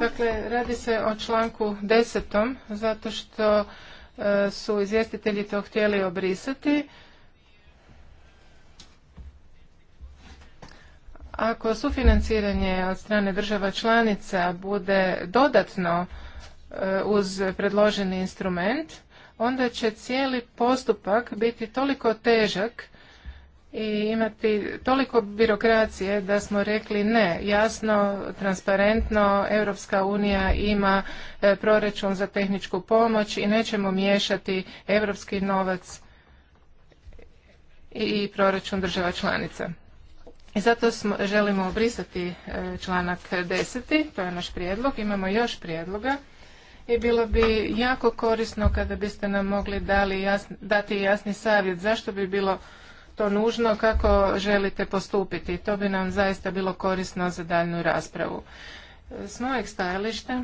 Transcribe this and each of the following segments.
Dakle, radi se o članku desetom, zato što e, su izvjestitelji to htjeli obrisati. Ako sufinanciranje od strane država članica bude dodatno e, uz predloženi instrument, onda će cijeli postupak biti toliko težak i imati toliko birokracije da smo rekli ne, jasno, transparentno, Europska unija ima e, proračun za tehničku pomoć i nećemo miješati europski novac i proračun država članica. I zato smo, želimo obrisati e, članak 10. To je naš prijedlog. Imamo još prijedloga i bilo bi jako korisno kada biste nam mogli dati jasni savjet zašto bi bilo to nužno, kako želite postupiti. To bi nam zaista bilo korisno za daljnu raspravu. S mojeg stajališta,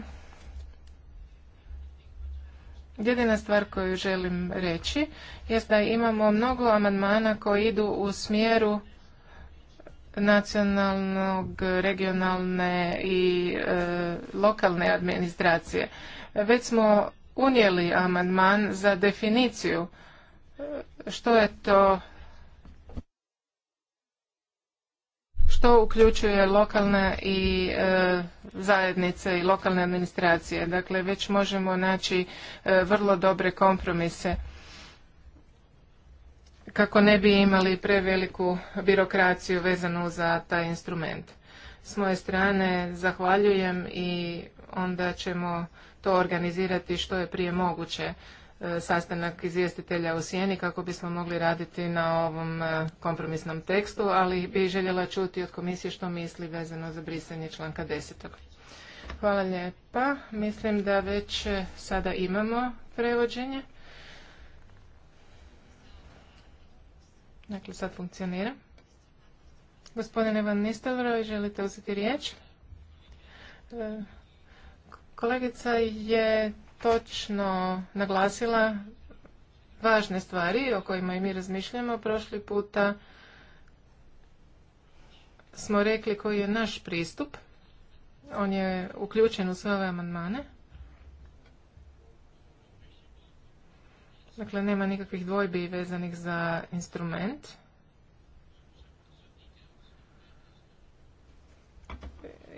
jedina stvar koju želim reći je da imamo mnogo amandmana koji idu u smjeru nacionalnog, regionalne i e, lokalne administracije. Već smo unijeli amandman za definiciju e, što je to to uključuje lokalne i e, zajednice i lokalne administracije. Dakle, već možemo naći e, vrlo dobre kompromise kako ne bi imali preveliku birokraciju vezanu za taj instrument. S moje strane zahvaljujem i onda ćemo to organizirati što je prije moguće. E, sastanak izvjestitelja u Sijeni kako bismo mogli raditi na ovom e, kompromisnom tekstu, ali bi željela čuti od komisije što misli vezano za brisanje članka 10. Hvala lijepa. Mislim da već e, sada imamo prevođenje. Dakle, sad funkcionira. Gospodine Van Nistelroj, želite uzeti riječ? Kolegica je točno naglasila važne stvari o kojima i mi razmišljamo. Prošli puta smo rekli koji je naš pristup. On je uključen u sve ove amandmane. Dakle, nema nikakvih dvojbi vezanih za instrument.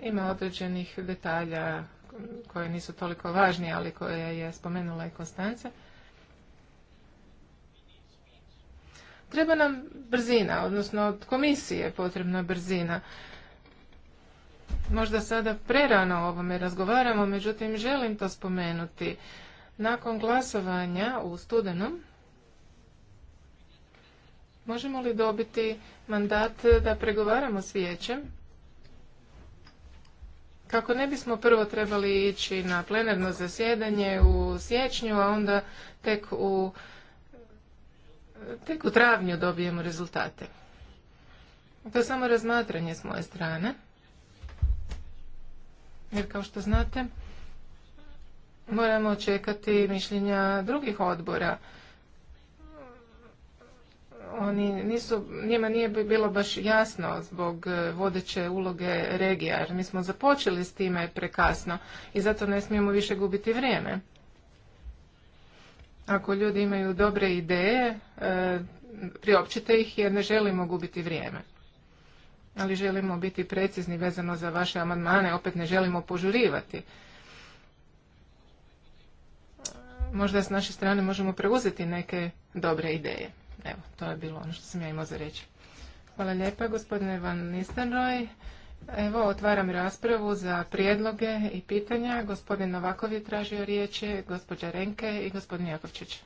Ima određenih detalja koje nisu toliko važni, ali koje je spomenula i konstanca Treba nam brzina, odnosno od komisije potrebna brzina. Možda sada prerano o ovome razgovaramo, međutim želim to spomenuti. Nakon glasovanja u studenom, možemo li dobiti mandat da pregovaramo s vijećem kako ne bismo prvo trebali ići na plenarno zasjedanje u siječnju, a onda tek u, tek u travnju dobijemo rezultate. To je samo razmatranje s moje strane. Jer kao što znate, moramo čekati mišljenja drugih odbora oni nisu, njima nije bilo baš jasno zbog e, vodeće uloge regija, jer mi smo započeli s time prekasno i zato ne smijemo više gubiti vrijeme. Ako ljudi imaju dobre ideje, e, priopćite ih jer ne želimo gubiti vrijeme. Ali želimo biti precizni vezano za vaše amandmane, opet ne želimo požurivati. Možda s naše strane možemo preuzeti neke dobre ideje. Evo, to je bilo ono što sam ja imao za reći. Hvala lijepa, gospodine Van Nistenroj. Evo, otvaram raspravu za prijedloge i pitanja. Gospodin Novakov je tražio riječi, gospođa Renke i gospodin Jakovčić.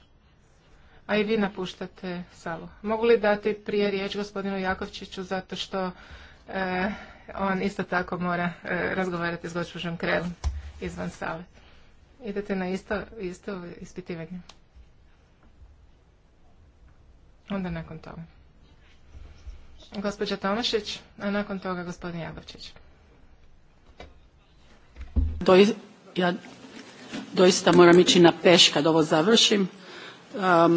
A i vi napuštate salu. Mogu li dati prije riječ gospodinu Jakovčiću zato što e, on isto tako mora e, razgovarati s gospođom Krelom izvan sale. Idete na isto, isto ispitivanje. Onda nakon toga. Gospođa Tomašić, a nakon toga gospodin Jagovčić. ja doista moram ići na peš kad ovo završim. a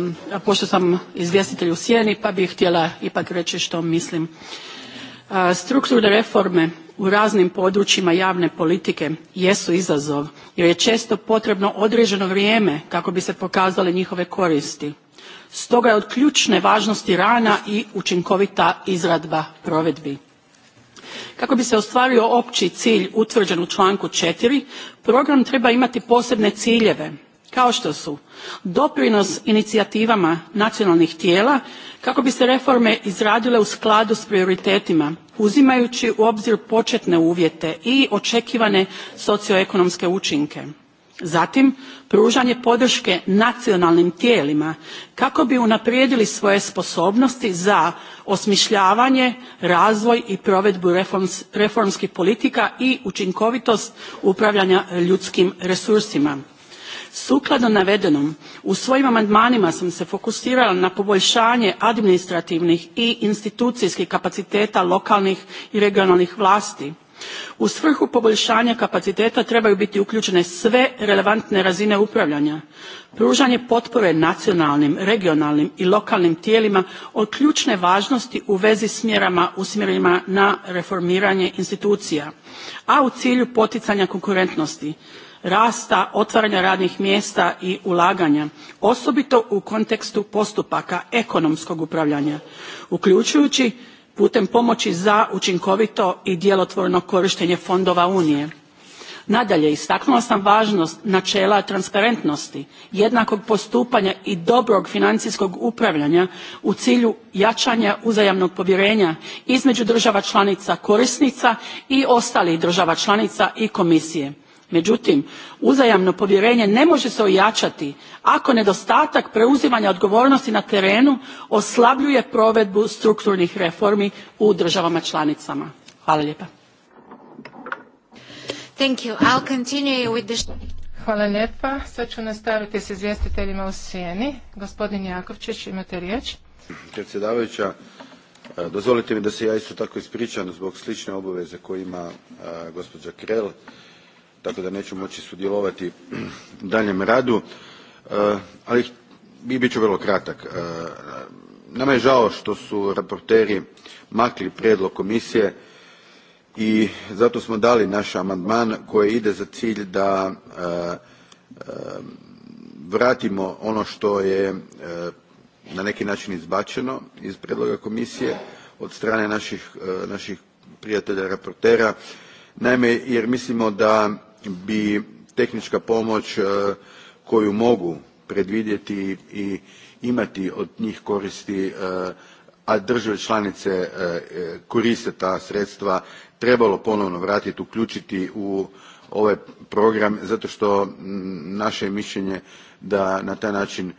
pošto sam izvjestitelj u sjeni pa bih htjela ipak reći što mislim. strukturne reforme u raznim područjima javne politike jesu izazov jer je često potrebno određeno vrijeme kako bi se pokazale njihove koristi stoga je od ključne važnosti rana i učinkovita izradba provedbi. Kako bi se ostvario opći cilj utvrđen u članku 4, program treba imati posebne ciljeve, kao što su doprinos inicijativama nacionalnih tijela kako bi se reforme izradile u skladu s prioritetima, uzimajući u obzir početne uvjete i očekivane socioekonomske učinke zatim pružanje podrške nacionalnim tijelima kako bi unaprijedili svoje sposobnosti za osmišljavanje razvoj i provedbu reformskih politika i učinkovitost upravljanja ljudskim resursima sukladno navedenom u svojim amandmanima sam se fokusirala na poboljšanje administrativnih i institucijskih kapaciteta lokalnih i regionalnih vlasti u svrhu poboljšanja kapaciteta trebaju biti uključene sve relevantne razine upravljanja pružanje potpore nacionalnim regionalnim i lokalnim tijelima od ključne važnosti u vezi s mjerama usmjerenima na reformiranje institucija a u cilju poticanja konkurentnosti rasta otvaranja radnih mjesta i ulaganja osobito u kontekstu postupaka ekonomskog upravljanja uključujući putem pomoći za učinkovito i djelotvorno korištenje fondova unije. Nadalje, istaknula sam važnost načela transparentnosti, jednakog postupanja i dobrog financijskog upravljanja u cilju jačanja uzajamnog povjerenja između država članica korisnica i ostalih država članica i komisije međutim uzajamno povjerenje ne može se ojačati ako nedostatak preuzimanja odgovornosti na terenu oslabljuje provedbu strukturnih reformi u državama članicama. Hvala lijepa. Hvala lijepa. Sad ću nastaviti s izvjestiteljima u sjeni. Gospodin Jakovčić, imate riječ. Predsjedavajuća, e, dozvolite mi da se ja isto tako ispričam zbog slične obaveze koju ima e, gospođa Krell tako da neću moći sudjelovati u daljem radu e, ali i bit ću vrlo kratak. E, nama je žao što su raporteri makli prijedlog komisije i zato smo dali naš amandman koji ide za cilj da e, vratimo ono što je na neki način izbačeno iz prijedloga komisije od strane naših, naših prijatelja raportera naime jer mislimo da bi tehnička pomoć e, koju mogu predvidjeti i imati od njih koristi e, a države članice e, koriste ta sredstva trebalo ponovno vratiti uključiti u ovaj program zato što naše je mišljenje da na taj način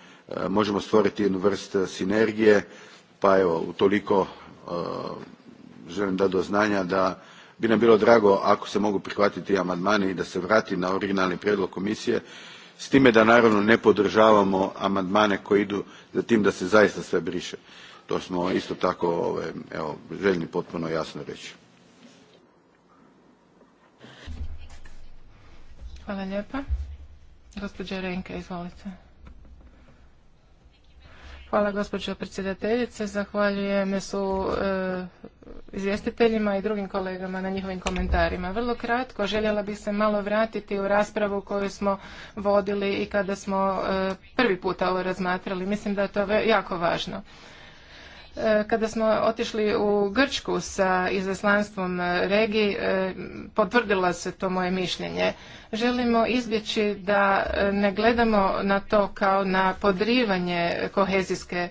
možemo stvoriti jednu vrstu sinergije pa evo utoliko želim dati do znanja da bi nam bilo drago ako se mogu prihvatiti amandmani i da se vrati na originalni prijedlog komisije s time da naravno ne podržavamo amandmane koji idu za tim da se zaista sve briše. To smo isto tako ovaj, evo, željni potpuno jasno reći. Hvala lijepa. Hvala gospođo predsjedateljice. Zahvaljujem su e, izvjestiteljima i drugim kolegama na njihovim komentarima. Vrlo kratko, željela bih se malo vratiti u raspravu koju smo vodili i kada smo e, prvi puta ovo razmatrali. Mislim da je to jako važno. Kada smo otišli u Grčku sa izaslanstvom Regi, e, potvrdila se to moje mišljenje. Želimo izbjeći da e, ne gledamo na to kao na podrivanje kohezijske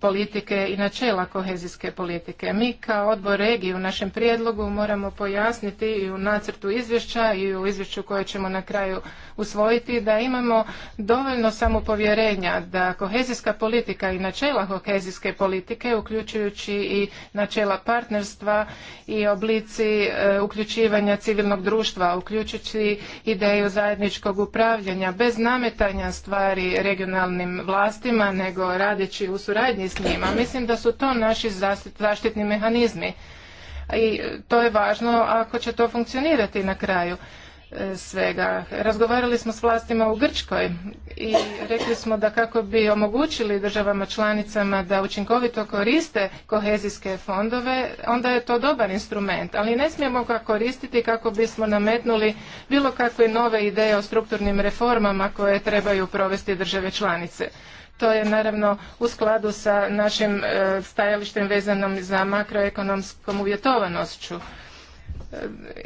politike i načela kohezijske politike. Mi kao odbor regije u našem prijedlogu moramo pojasniti i u nacrtu izvješća i u izvješću koje ćemo na kraju usvojiti da imamo dovoljno samopovjerenja da kohezijska politika i načela kohezijske politike uključujući i načela partnerstva i oblici e, uključivanja civilnog društva, uključujući ideju zajedničkog upravljanja bez nametanja stvari regionalnim vlastima nego radeći u suradnji s njima. Mislim da su to naši zaštitni mehanizmi i to je važno ako će to funkcionirati na kraju e, svega. Razgovarali smo s vlastima u Grčkoj i rekli smo da kako bi omogućili državama članicama da učinkovito koriste kohezijske fondove, onda je to dobar instrument, ali ne smijemo ga koristiti kako bismo nametnuli bilo kakve nove ideje o strukturnim reformama koje trebaju provesti države članice. To je naravno u skladu sa našim e, stajalištem vezanom za makroekonomskom uvjetovanošću. E,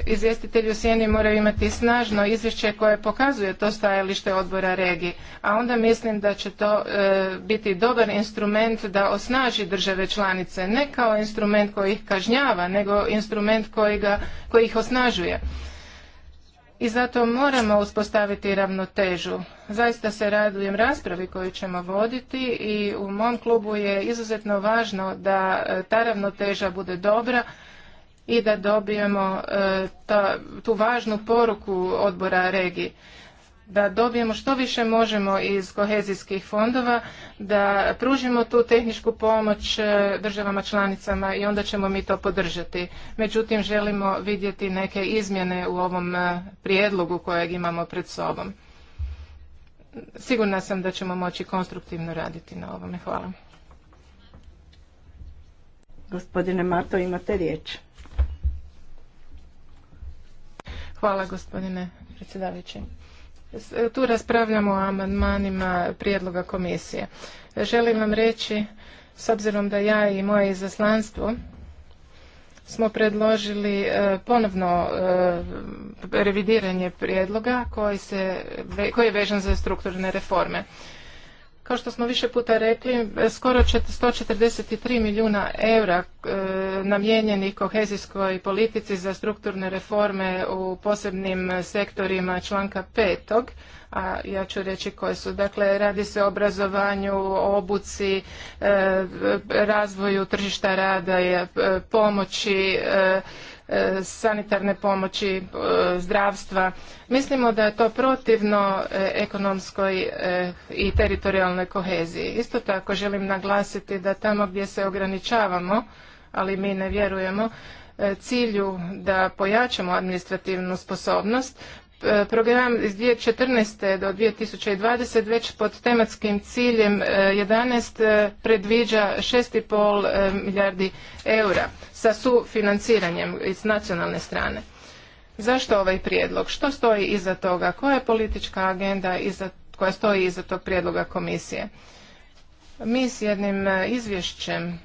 izvjestitelji u sjeni moraju imati snažno izvješće koje pokazuje to stajalište odbora regije, a onda mislim da će to e, biti dobar instrument da osnaži države članice, ne kao instrument koji ih kažnjava, nego instrument koji ih osnažuje i zato moramo uspostaviti ravnotežu. Zaista se radujem raspravi koju ćemo voditi i u mom klubu je izuzetno važno da e, ta ravnoteža bude dobra i da dobijemo e, tu važnu poruku odbora regiji da dobijemo što više možemo iz kohezijskih fondova, da pružimo tu tehničku pomoć e, državama članicama i onda ćemo mi to podržati. Međutim, želimo vidjeti neke izmjene u ovom e, prijedlogu kojeg imamo pred sobom. Sigurna sam da ćemo moći konstruktivno raditi na ovome. Hvala. Gospodine Mato, imate riječ. Hvala gospodine predsjedavajući. E, tu raspravljamo o amandmanima prijedloga komisije. Želim vam reći, s obzirom da ja i moje izaslanstvo smo predložili e, ponovno e, revidiranje prijedloga koji, je vežan za strukturne reforme. Kao što smo više puta rekli, skoro 143 milijuna eura namjenjeni namijenjenih kohezijskoj politici za strukturne reforme u posebnim sektorima članka petog, a ja ću reći koje su. Dakle, radi se o obrazovanju, obuci, e, razvoju tržišta rada, e, pomoći, e, E, sanitarne pomoći, e, zdravstva. Mislimo da je to protivno e, ekonomskoj i teritorijalnoj koheziji. Isto tako želim naglasiti da tamo gdje se ograničavamo, ali mi ne vjerujemo, cilju da pojačamo administrativnu sposobnost, E, program iz 2014. do 2020 već pod tematskim ciljem 11 e, e, predviđa 6,5 milijardi eura sa sufinanciranjem iz nacionalne strane. Zašto ovaj prijedlog? Što stoji iza toga? Koja je politička agenda iza, koja stoji iza tog prijedloga komisije? Mi s jednim izvješćem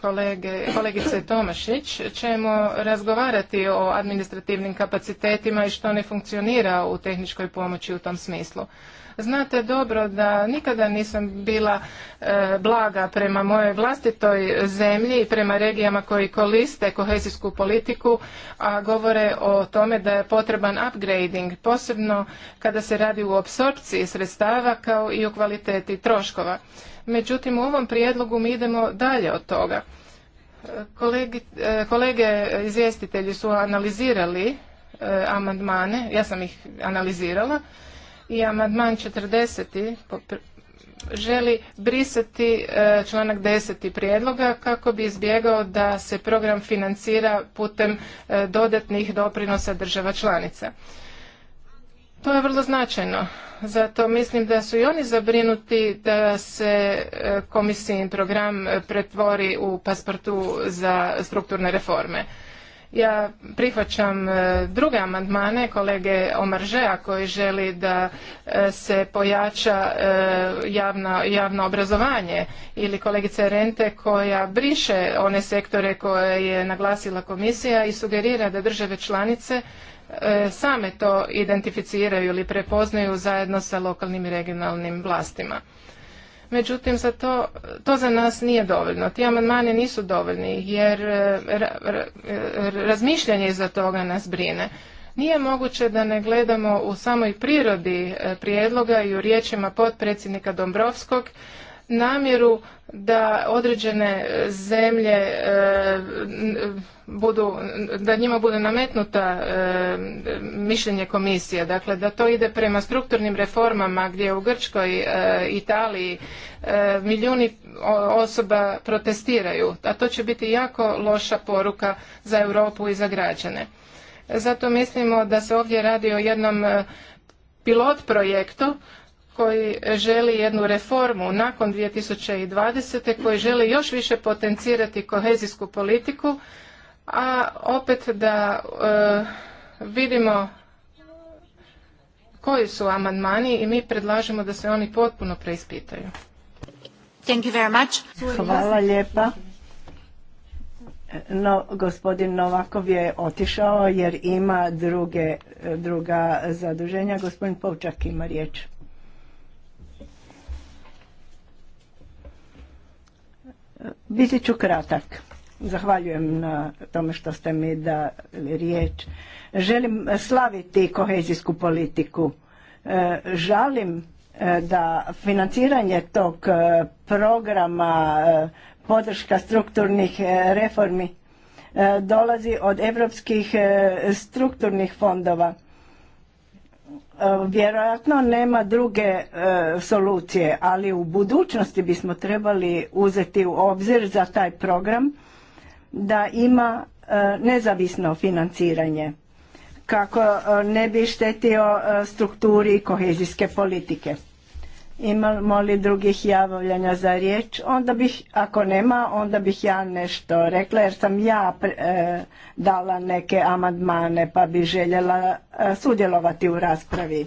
kolege, kolegice Tomašić ćemo razgovarati o administrativnim kapacitetima i što ne funkcionira u tehničkoj pomoći u tom smislu. Znate dobro da nikada nisam bila e, blaga prema mojoj vlastitoj zemlji i prema regijama koji koriste kohezijsku politiku, a govore o tome da je potreban upgrading, posebno kada se radi u apsorpciji sredstava kao i u kvaliteti troškova međutim u ovom prijedlogu mi idemo dalje od toga. E, e, kolege izvjestitelji su analizirali e, amandmane, ja sam ih analizirala i amandman 40. želi brisati članak 10. prijedloga kako bi izbjegao da se program financira putem dodatnih doprinosa država članica. To je vrlo značajno. Zato mislim da su i oni zabrinuti da se e, komisijin program e, pretvori u pasportu za strukturne reforme. Ja prihvaćam e, druge amandmane kolege Omaržea koji želi da se pojača javno, javno obrazovanje ili kolegice Rente koja briše one sektore koje je naglasila komisija i sugerira da države članice E, same to identificiraju ili prepoznaju zajedno sa lokalnim i regionalnim vlastima. Međutim, za to, to za nas nije dovoljno. Ti amandmani nisu dovoljni jer e, e, razmišljanje iza toga nas brine. Nije moguće da ne gledamo u samoj prirodi prijedloga i u riječima potpredsjednika Dombrovskog namjeru da određene zemlje e, budu, da njima bude nametnuta e, mišljenje komisije, dakle da to ide prema strukturnim reformama gdje u Grčkoj, e, Italiji milijuni osoba protestiraju, a to će biti jako loša poruka za Europu i za građane. Zato mislimo da se ovdje radi o jednom pilot projektu koji želi jednu reformu nakon 2020. koji želi još više potencirati kohezijsku politiku, a opet da e, vidimo koji su amandmani i mi predlažemo da se oni potpuno preispitaju. Hvala lijepa. No, gospodin Novakov je otišao jer ima druge, druga zaduženja. Gospodin Povčak ima riječ. Biti ću kratak. Zahvaljujem na tome što ste mi dali riječ. Želim slaviti kohezijsku politiku. E, žalim e, da financiranje tog e, programa podrška strukturnih reformi dolazi od europskih strukturnih fondova Vjerojatno nema druge e, solucije, ali u budućnosti bismo trebali uzeti u obzir za taj program da ima e, nezavisno financiranje kako e, ne bi štetio strukturi kohezijske politike. Imamo li drugih javljanja za riječ? Onda bih, ako nema, onda bih ja nešto rekla jer sam ja e, dala neke amandmane pa bih željela e, sudjelovati u raspravi.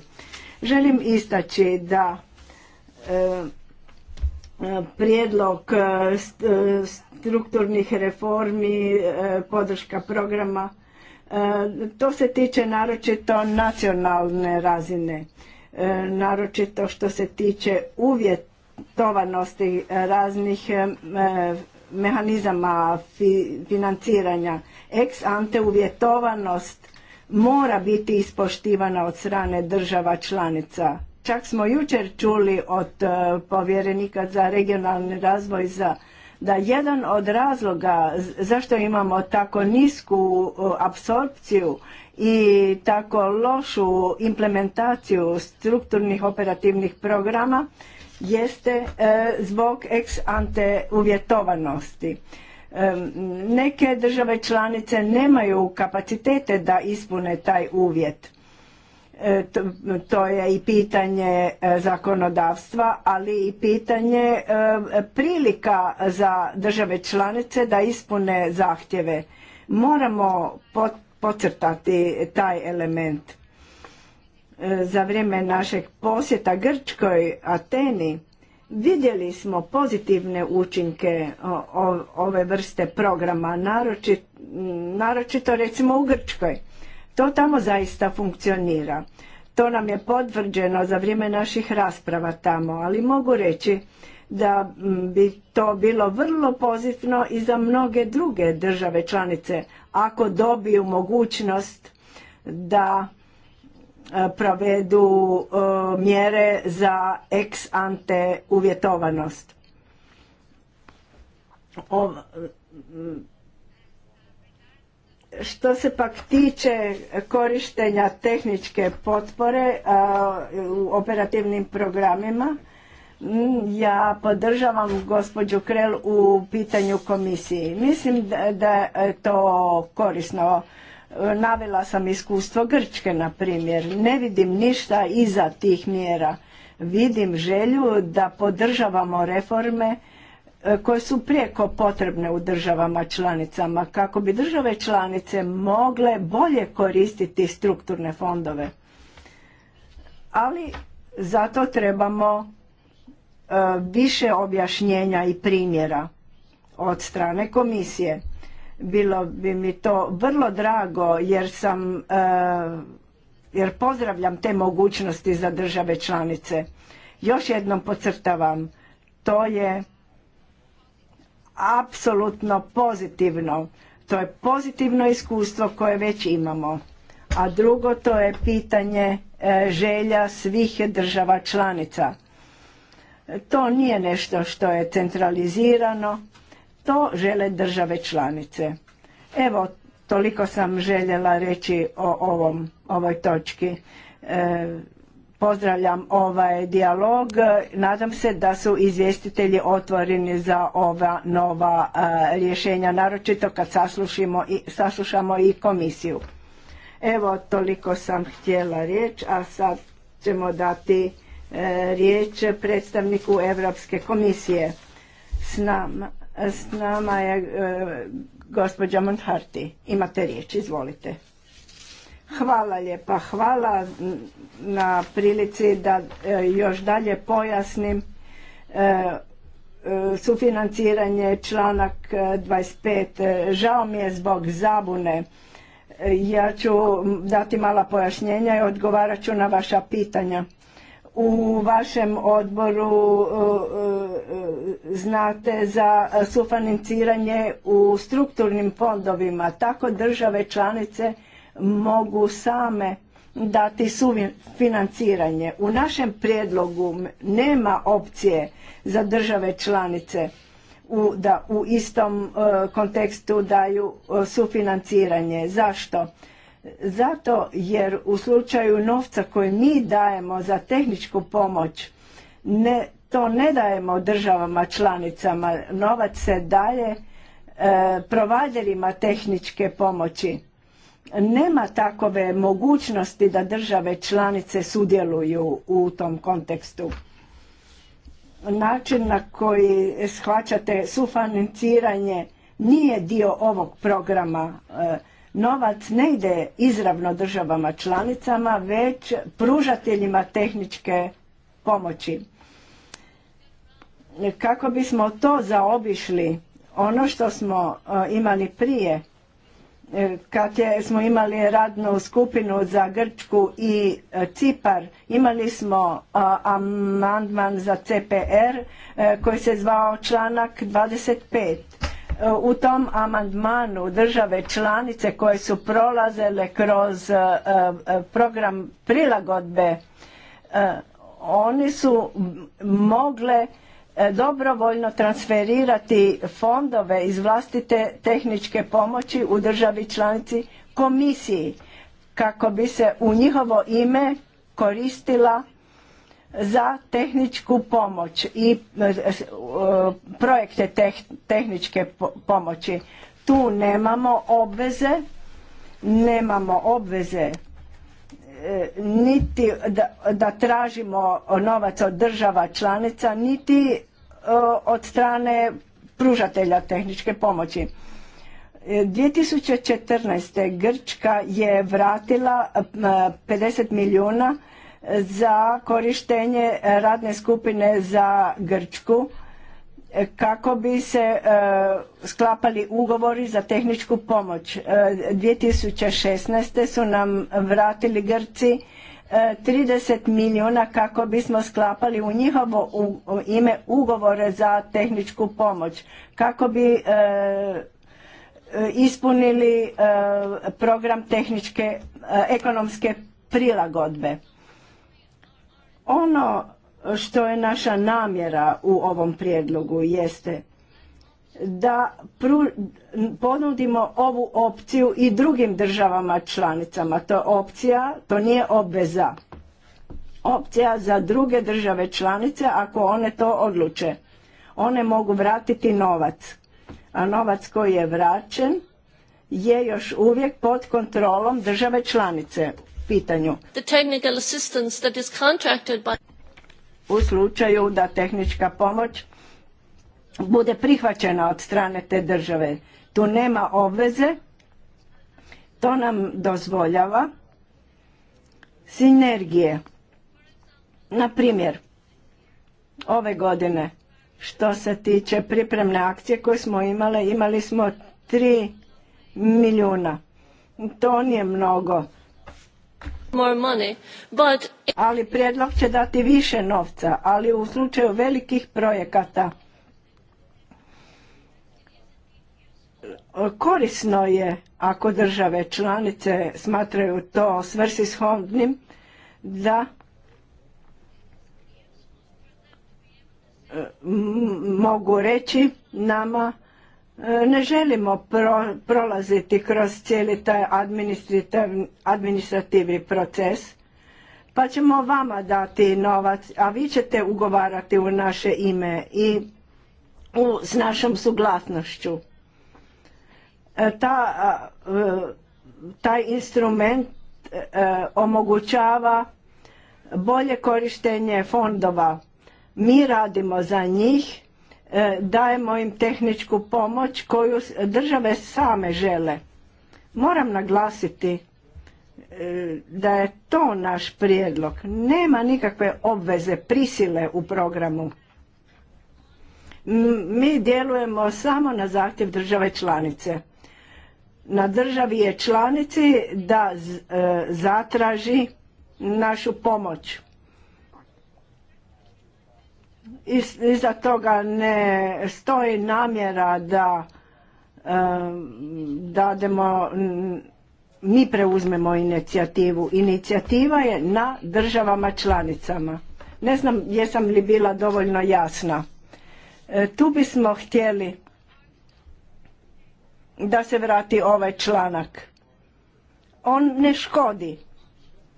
Želim istaći da e, prijedlog strukturnih reformi, podrška programa, to se tiče naročito nacionalne razine E, naročito što se tiče uvjetovanosti e, raznih e, mehanizama financiranja. Ex ante uvjetovanost mora biti ispoštivana od strane država članica. Čak smo jučer čuli od povjerenika za regionalni razvoj za da jedan od razloga zašto imamo tako nisku apsorpciju i tako lošu implementaciju strukturnih operativnih programa jeste e, zbog ex ante uvjetovanosti. E, neke države članice nemaju kapacitete da ispune taj uvjet. E, to, je i pitanje zakonodavstva, ali i pitanje prilika za države članice da ispune zahtjeve. Moramo pocrtati taj element. E, za vrijeme našeg posjeta Grčkoj Ateni vidjeli smo pozitivne učinke ove vrste programa, naročito, naročito recimo u Grčkoj. To tamo zaista funkcionira. To nam je potvrđeno za vrijeme naših rasprava tamo, ali mogu reći da bi to bilo vrlo pozitivno i za mnoge druge države članice ako dobiju mogućnost da e, provedu e, mjere za ex ante uvjetovanost. što se pak tiče korištenja tehničke potpore u operativnim programima, ja podržavam gospođu Krel u pitanju komisiji. Mislim da je to korisno. Navila sam iskustvo Grčke, na primjer. Ne vidim ništa iza tih mjera. Vidim želju da podržavamo reforme e, koje su prijeko potrebne u državama članicama kako bi države članice mogle bolje koristiti strukturne fondove. Ali zato trebamo E, više objašnjenja i primjera od strane komisije. Bilo bi mi to vrlo drago jer sam e, jer pozdravljam te mogućnosti za države članice. Još jednom podcrtavam, to je apsolutno pozitivno. To je pozitivno iskustvo koje već imamo. A drugo, to je pitanje e, želja svih država članica. To nije nešto što je centralizirano, to žele države članice. Evo, toliko sam željela reći o ovom, ovoj točki. E, pozdravljam ovaj dijalog. Nadam se da su izvjestitelji otvoreni za ova nova e, rješenja, naročito kad i, saslušamo i komisiju. Evo, toliko sam htjela reći, a sad ćemo dati riječ predstavniku Europske komisije. S nama, s nama je e, gospođa Montharti. Imate riječ, izvolite. Hvala lijepa, hvala na prilici da e, još dalje pojasnim e, sufinanciranje članak 25. Žao mi je zbog zabune. Ja ću dati mala pojašnjenja i odgovarat ću na vaša pitanja u vašem odboru e, e, znate za sufinanciranje u strukturnim fondovima. Tako države članice mogu same dati sufinanciranje. U našem prijedlogu nema opcije za države članice u, da u istom e, kontekstu daju sufinanciranje. Zašto? Zato jer u slučaju novca koji mi dajemo za tehničku pomoć, ne, to ne dajemo državama članicama, novac se daje e, provaderima tehničke pomoći. Nema takove mogućnosti da države članice sudjeluju u tom kontekstu. Način na koji shvaćate sufinanciranje nije dio ovog programa. E, Novac ne ide izravno državama članicama, već pružateljima tehničke pomoći. Kako bismo to zaobišli, ono što smo e, imali prije, e, kad smo imali radnu skupinu za Grčku i e, Cipar, imali smo amandman za CPR koji se zvao članak 25 u tom amandmanu države članice koje su prolazele kroz e, e, program prilagodbe e, oni su mogle dobrovoljno transferirati fondove iz vlastite tehničke pomoći u državi članici komisiji kako bi se u njihovo ime koristila za tehničku pomoć i e, e, projekte tehničke pomoći. Tu nemamo obveze, nemamo obveze e, niti da, tražimo novac od država članica, niti od strane pružatelja tehničke pomoći. 2014. Grčka je vratila 50 milijuna za korištenje radne skupine za Grčku kako bi se e, sklapali ugovori za tehničku pomoć. 2016. E, su nam vratili Grci 30 e, milijuna kako bismo sklapali u njihovo ime ugovore za tehničku pomoć, kako bi ispunili program tehničke ekonomske prilagodbe. Ono što je naša namjera u ovom prijedlogu jeste da ponudimo ovu opciju i drugim državama članicama. To je opcija, to nije obveza. Opcija za druge države članice ako one to odluče. One mogu vratiti novac. A novac koji je vraćen je još uvijek pod kontrolom države članice pitanju. U slučaju da tehnička pomoć bude prihvaćena od strane te države. Tu nema obveze, to nam dozvoljava sinergije. Na primjer, ove godine što se tiče pripremne akcije koje smo imali, imali smo 3 milijuna. To nije mnogo ali prijedlog će dati više novca, ali u slučaju velikih projekata korisno je ako države članice smatraju to svrsishodnim da mogu reći nama ne želimo prolaziti kroz cijeli taj administrativni proces, pa ćemo vama dati novac, a vi ćete ugovarati u naše ime i u, s našom suglasnošću. E, ta, e, taj instrument e, omogućava bolje korištenje fondova. Mi radimo za njih E, dajemo im tehničku pomoć koju države same žele. Moram naglasiti e, da je to naš prijedlog. Nema nikakve obveze prisile u programu. Mi djelujemo samo na zahtjev države članice. Na državi je članici da e, zatraži našu pomoć iza toga ne stoji namjera da dademo mi preuzmemo inicijativu. Inicijativa je na državama članicama. Ne znam jesam li bila dovoljno jasna. E, tu bismo htjeli da se vrati ovaj članak. On ne škodi.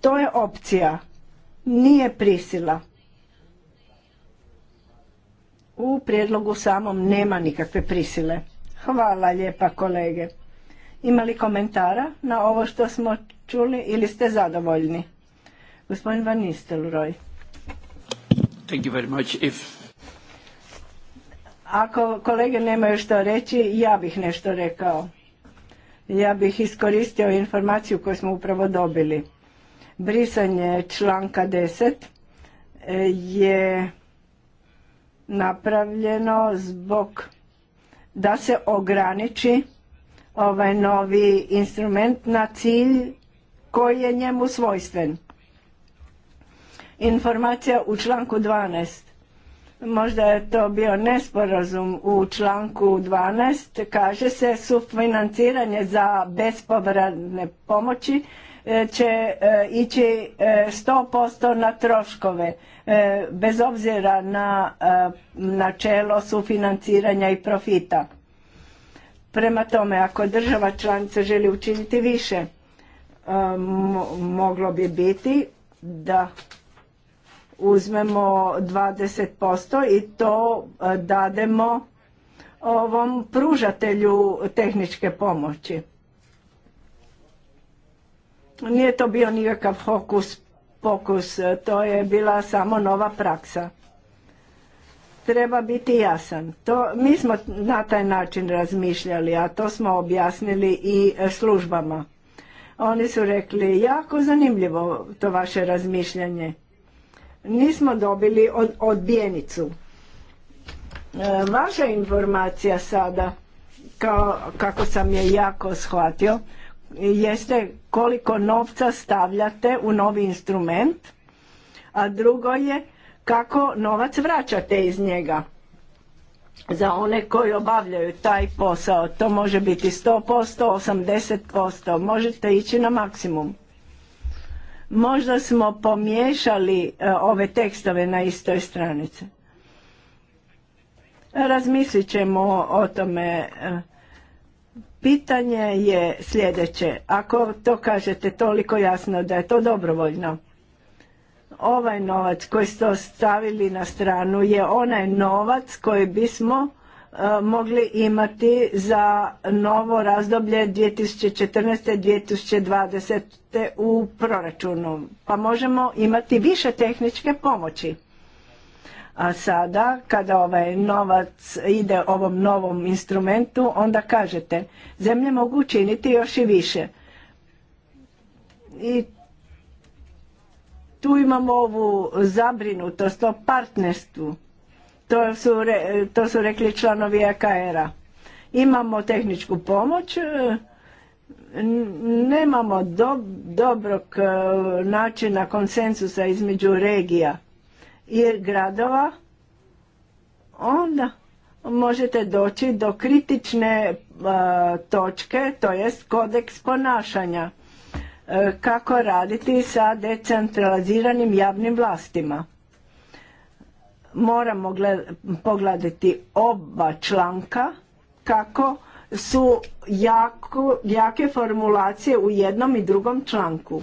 To je opcija. Nije prisila. U prijedlogu samom nema nikakve prisile. Hvala lijepa kolege. Ima li komentara na ovo što smo čuli ili ste zadovoljni? Gospodin Van Nistelrooy. Thank you very much. Ako kolege nemaju što reći, ja bih nešto rekao. Ja bih iskoristio informaciju koju smo upravo dobili. Brisanje članka 10 e, je napravljeno zbog da se ograniči ovaj novi instrument na cilj koji je njemu svojstven. Informacija u članku 12. Možda je to bio nesporazum u članku 12. Kaže se sufinanciranje za bespovratne pomoći će e, ići 100% e, na troškove, e, bez obzira na načelo sufinanciranja i profita. Prema tome, ako država članica želi učiniti više, moglo bi biti da uzmemo 20% i to dademo ovom pružatelju tehničke pomoći nije to bio nikakav hokus pokus, to je bila samo nova praksa. Treba biti jasan. To, mi smo na taj način razmišljali, a to smo objasnili i službama. Oni su rekli, jako zanimljivo to vaše razmišljanje. Nismo dobili od, odbijenicu. E, vaša informacija sada, kao, kako sam je jako shvatio, jeste koliko novca stavljate u novi instrument, a drugo je kako novac vraćate iz njega za one koji obavljaju taj posao. To može biti 100%, 80%, možete ići na maksimum. Možda smo pomiješali e, ove tekstove na istoj stranici. Razmislit ćemo o tome e, Pitanje je sljedeće, ako to kažete toliko jasno da je to dobrovoljno, ovaj novac koji ste ostavili na stranu je onaj novac koji bismo e, mogli imati za novo razdoblje 2014-2020 u proračunu. Pa možemo imati više tehničke pomoći. A sada, kada ovaj novac ide ovom novom instrumentu, onda kažete, zemlje mogu učiniti još i više. I tu imamo ovu zabrinutost o partnerstvu. To su, re, to su rekli članovi ekr a Imamo tehničku pomoć, e, nemamo dobrog e, načina konsensusa između regija i gradova, onda možete doći do kritične e, točke, to jest kodeks ponašanja. E, kako raditi sa decentraliziranim javnim vlastima. Moramo pogledati oba članka kako su jake formulacije u jednom i drugom članku.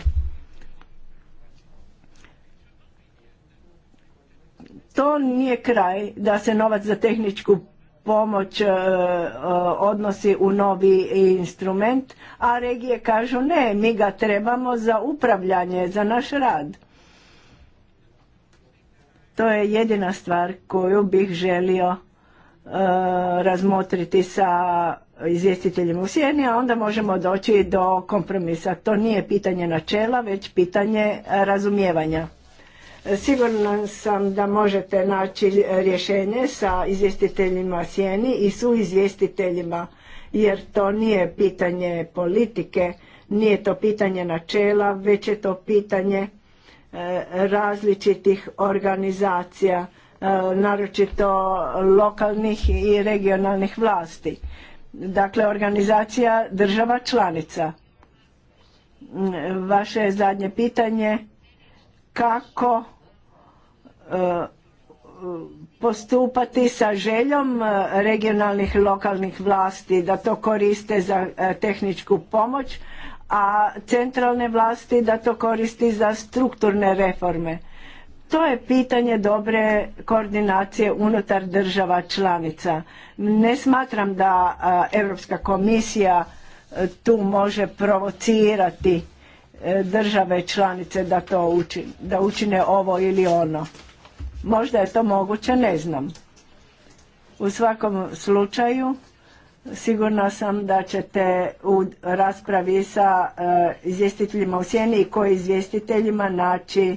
To nije kraj da se novac za tehničku pomoć e, e, odnosi u novi instrument, a regije kažu ne, mi ga trebamo za upravljanje, za naš rad. To je jedina stvar koju bih želio e, razmotriti sa izvjestiteljem u sjeni, a onda možemo doći do kompromisa. To nije pitanje načela, već pitanje razumijevanja. Sigurna sam da možete naći e, rješenje sa izvjestiteljima sjeni i su izvjestiteljima jer to nije pitanje politike, nije to pitanje načela, već je to pitanje e, različitih organizacija, e, naročito lokalnih i regionalnih vlasti. Dakle, organizacija država članica. Mm, vaše zadnje pitanje kako e, postupati sa željom e, regionalnih i lokalnih vlasti da to koriste za e, tehničku pomoć, a centralne vlasti da to koristi za strukturne reforme. To je pitanje dobre koordinacije unutar država članica. Ne smatram da Europska komisija tu može provocirati E, države članice da to učine, da učine ovo ili ono. Možda je to moguće, ne znam. U svakom slučaju sigurna sam da ćete u raspravi sa e, izvjestiteljima u sjeni i koji izvjestiteljima naći e,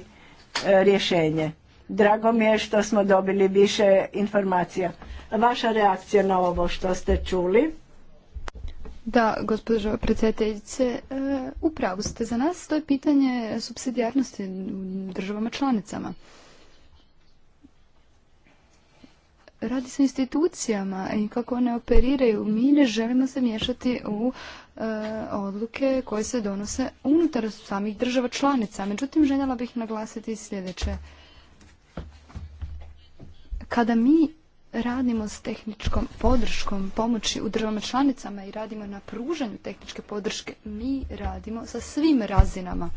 rješenje. Drago mi je što smo dobili više informacija. Vaša reakcija na ovo što ste čuli? Da, gospođo predsjedateljice, e, upravo ste. Za nas to je pitanje subsidijarnosti u državama članicama. Radi se institucijama i kako one operiraju. Mi ne želimo se miješati u e, odluke koje se donose unutar samih država članica. Međutim, željela bih naglasiti sljedeće. Kada mi radimo s tehničkom podrškom pomoći u državama članicama i radimo na pružanju tehničke podrške, mi radimo sa svim razinama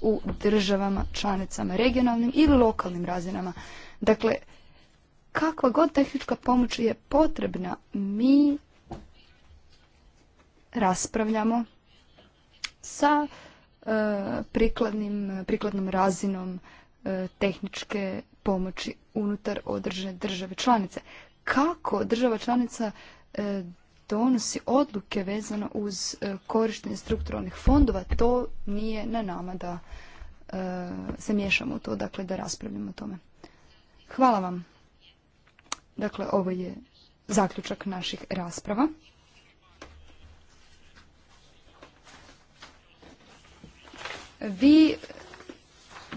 u državama članicama, regionalnim ili lokalnim razinama. Dakle, kakva god tehnička pomoć je potrebna, mi raspravljamo sa e, prikladnom razinom e, tehničke pomoći unutar određene države članice. Kako država članica e, donosi odluke vezano uz e, korištenje strukturalnih fondova, to nije na nama da e, se miješamo u to, dakle da raspravljamo o tome. Hvala vam. Dakle, ovo je zaključak naših rasprava. Vi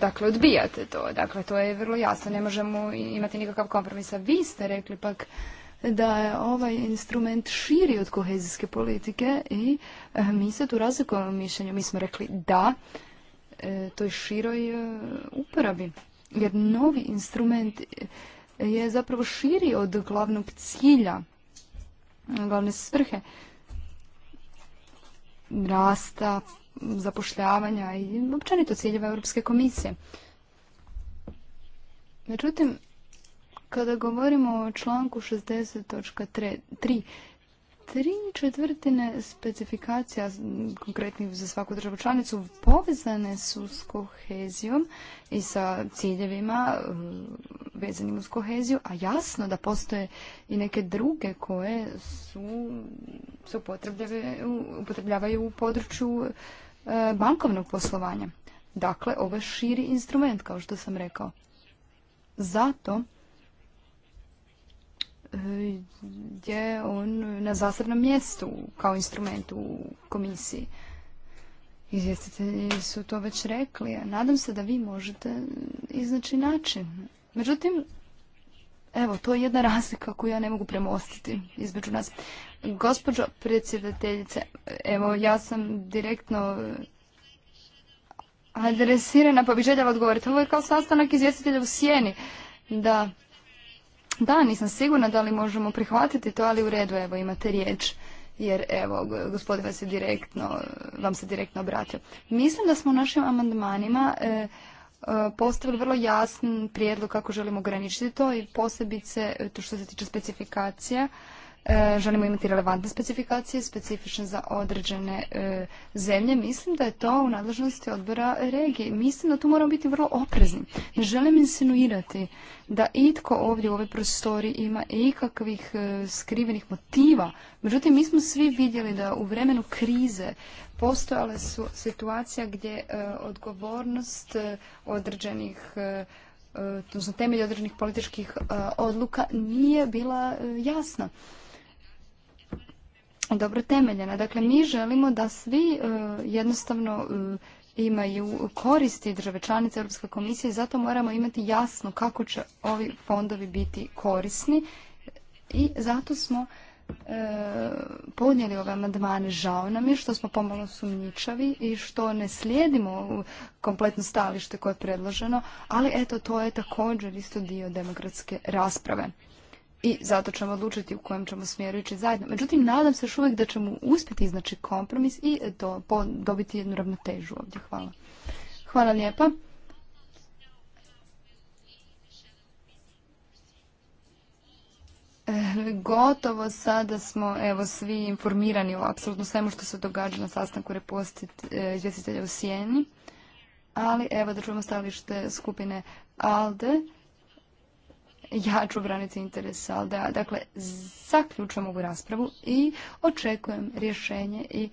dakle odbijate to. Dakle, to je vrlo jasno, ne možemo imati nikakav kompromis. A vi ste rekli pak da je ovaj instrument širi od kohezijske politike i eh, mi se tu razlikujemo mišljenju. Mi smo rekli da eh, toj široj eh, uporabi. Jer novi instrument je zapravo širi od glavnog cilja, glavne svrhe rasta, zapošljavanja i općenito ciljeva Europske komisije. Međutim, kada govorimo o članku 60.3 tri četvrtine specifikacija konkretnih za svaku državu članicu povezane su s kohezijom i sa ciljevima um, vezanim uz koheziju, a jasno da postoje i neke druge koje su, se upotrebljavaju u području uh, bankovnog poslovanja. Dakle, ovo je širi instrument, kao što sam rekao. Zato je on na zasadnom mjestu kao instrument u komisiji. Izvjestitelji su to već rekli, a nadam se da vi možete iznaći način. Međutim, evo, to je jedna razlika koju ja ne mogu premostiti između nas. Gospođo predsjedateljice, evo, ja sam direktno eh, adresirana, pa bi željela odgovoriti. Ovo je kao sastanak izvjestitelja u sjeni. Da, da, nisam sigurna da li možemo prihvatiti to, ali u redu, evo, imate riječ. Jer, evo, gospodin vas direktno, vam se direktno obratio. Mislim da smo u našim amandmanima e, e, postavili vrlo jasan prijedlog kako želimo ograničiti to i posebice e, to što se tiče specifikacija E, želimo imati relevantne specifikacije, specifične za određene e, zemlje. Mislim da je to u nadležnosti odbora regije. Mislim da tu moramo biti vrlo oprezni. Ne želim insinuirati da itko ovdje u ovoj prostori ima ikakvih e, skrivenih motiva. Međutim, mi smo svi vidjeli da u vremenu krize postojale su situacija gdje odgovornost određenih odnosno temelj određenih političkih odluka nije bila jasna dobro temeljena. Dakle, mi želimo da svi e, jednostavno e, imaju koristi države članice Europske komisije i zato moramo imati jasno kako će ovi fondovi biti korisni i zato smo e, podnijeli ove amandmane. Žao nam je što smo pomalo sumnjičavi i što ne slijedimo kompletno stalište koje je predloženo, ali eto to je također isto dio demokratske rasprave i zato ćemo odlučiti u kojem ćemo smjeru ići zajedno. Međutim, nadam se još uvijek da ćemo uspjeti iznaći kompromis i to dobiti jednu ravnotežu ovdje. Hvala. Hvala lijepa. E, gotovo sada smo evo svi informirani o apsolutno svemu što se događa na sastanku e, izvjestitelja u Sijeni. Ali evo da čujemo stajalište skupine ALDE ja ću braniti interes Alda. Dakle, zaključujem ovu raspravu i očekujem rješenje i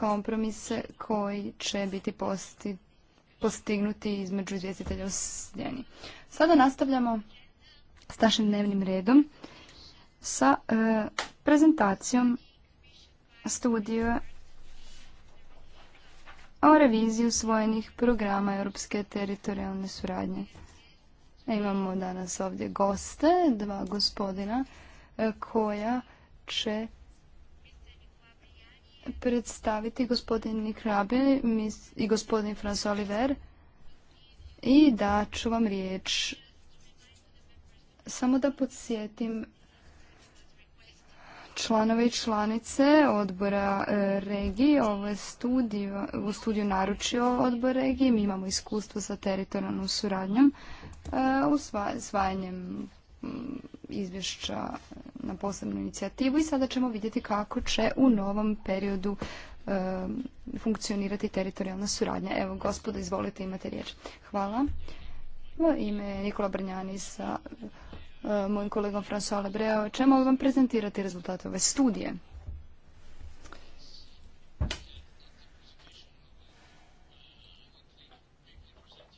kompromise koji će biti postignuti između izvjestitelja u sjeni. Sada nastavljamo s našim dnevnim redom sa e, prezentacijom studija o reviziji usvojenih programa Europske teritorijalne suradnje. Imamo danas ovdje goste, dva gospodina e, koja će predstaviti gospodin Nikrabi i gospodin François Oliver i daću vam riječ. Samo da podsjetim članove i članice odbora e, regije. Ovo je studiju, studiju naručio odbor regije. Mi imamo iskustvo sa teritorijalnom suradnjom, e, usvajanjem mm, izvješća na posebnu inicijativu i sada ćemo vidjeti kako će u novom periodu e, funkcionirati teritorijalna suradnja. Evo, gospodo, izvolite, imate riječ. Hvala. Ime Nikola Brnjani sa E, mojim kolegom François Lebreo, ćemo vam prezentirati rezultate ove studije.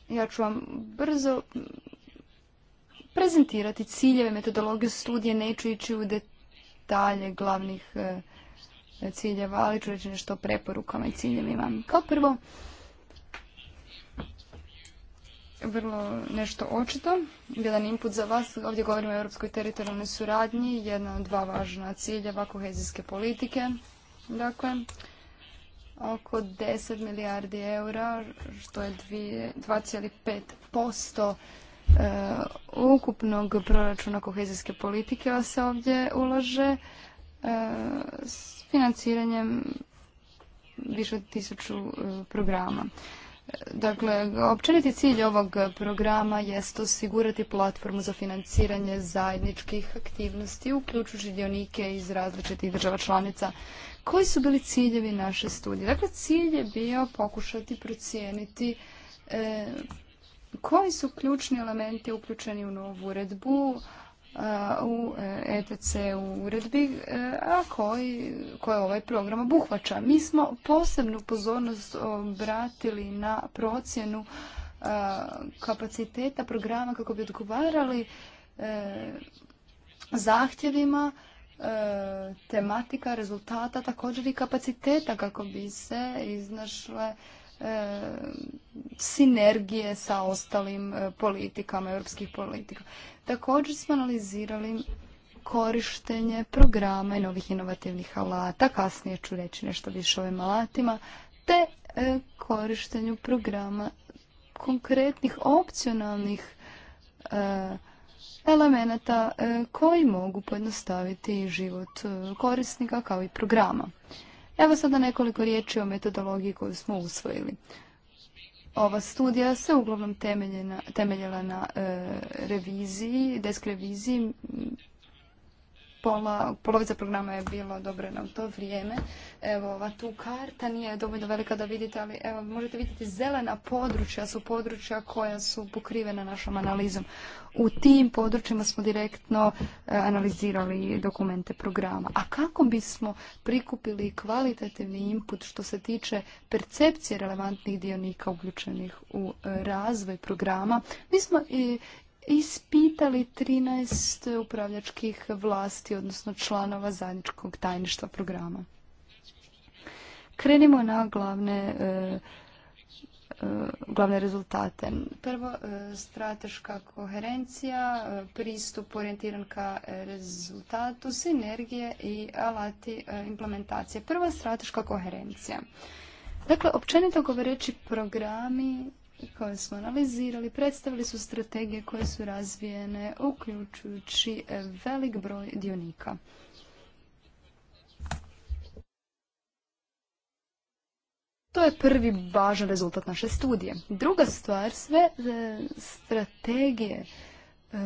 Ja ću vam brzo prezentirati ciljeve, metodologiju studije, neću ići u detalje glavnih e, ciljeva, ali ću reći nešto o preporukama i ciljevima. Kao prvo, vrlo nešto očito. Jedan input za vas, ovdje govorimo o europskoj teritorijalnoj suradnji, jedna od dva važna ciljeva kohezijske politike. Dakle, oko 10 milijardi eura, što je 2,5% e, ukupnog proračuna kohezijske politike se ovdje ulaže e, s financiranjem više od tisuću e, programa. Dakle, općeniti cilj ovog programa jest osigurati platformu za financiranje zajedničkih aktivnosti, uključujući dionike iz različitih država članica. Koji su bili ciljevi naše studije? Dakle, cilj je bio pokušati procijeniti e, koji su ključni elementi uključeni u novu uredbu, u ETC e u uredbi, e, a koji, koje ovaj program obuhvaća. Mi smo posebnu pozornost obratili na procjenu kapaciteta programa kako bi odgovarali e, zahtjevima tematika, rezultata, također i kapaciteta kako bi se iznašle sinergije sa ostalim politikama, europskih politika. Također smo analizirali korištenje programa i novih inovativnih alata, kasnije ću reći nešto više o ovim alatima, te e, korištenju programa konkretnih opcionalnih e, elemenata e, koji mogu pojednostaviti život korisnika kao i programa. Evo sada nekoliko riječi o metodologiji koju smo usvojili ova studija se uglavnom temeljila na e, reviziji, desk reviziji polovica programa je bilo odobrena u to vrijeme. Evo, ova tu karta nije dovoljno velika da vidite, ali evo, možete vidjeti zelena područja su područja koja su pokrivena našom analizom. U tim područjima smo direktno e, analizirali dokumente programa. A kako bismo prikupili kvalitativni input što se tiče percepcije relevantnih dionika uključenih u e, razvoj programa, mi smo i ispitali 13 upravljačkih vlasti, odnosno članova zajedničkog tajništva programa. Krenimo na glavne e, e, glavne rezultate. Prvo, e, strateška koherencija, pristup orijentiran ka rezultatu, sinergije i alati implementacije. Prva, strateška koherencija. Dakle, općenito govoreći programi koje smo analizirali predstavili su strategije koje su razvijene uključujući e, velik broj dionika. To je prvi važan rezultat naše studije. Druga stvar, sve e, strategije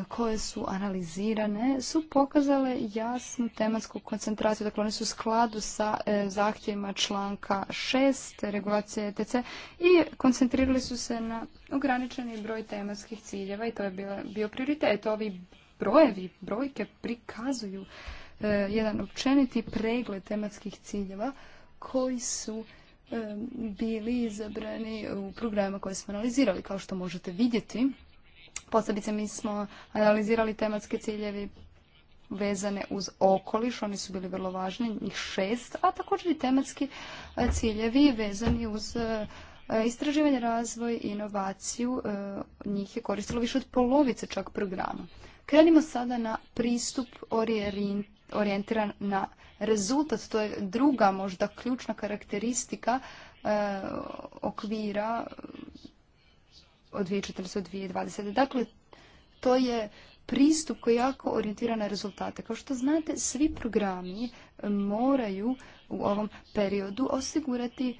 koje su analizirane su pokazale jasnu tematsku koncentraciju. Dakle, one su u skladu sa e, zahtjevima članka 6 regulacije ETC i koncentrirali su se na ograničeni broj tematskih ciljeva i to je bio, prioritet. Ovi brojevi, brojke prikazuju e, jedan općeniti pregled tematskih ciljeva koji su e, bili izabrani u programima koje smo analizirali. Kao što možete vidjeti, Posebice mi smo analizirali tematske ciljevi vezane uz okoliš, oni su bili vrlo važni, njih šest, a također i tematski e, ciljevi vezani uz e, istraživanje, razvoj, inovaciju, e, njih je koristilo više od polovice čak programa. Krenimo sada na pristup orijentiran na rezultat, to je druga možda ključna karakteristika okvira od 2014. do 2020. Dakle, to je pristup koji jako orijentiran na rezultate. Kao što znate, svi programi eh, moraju u ovom periodu osigurati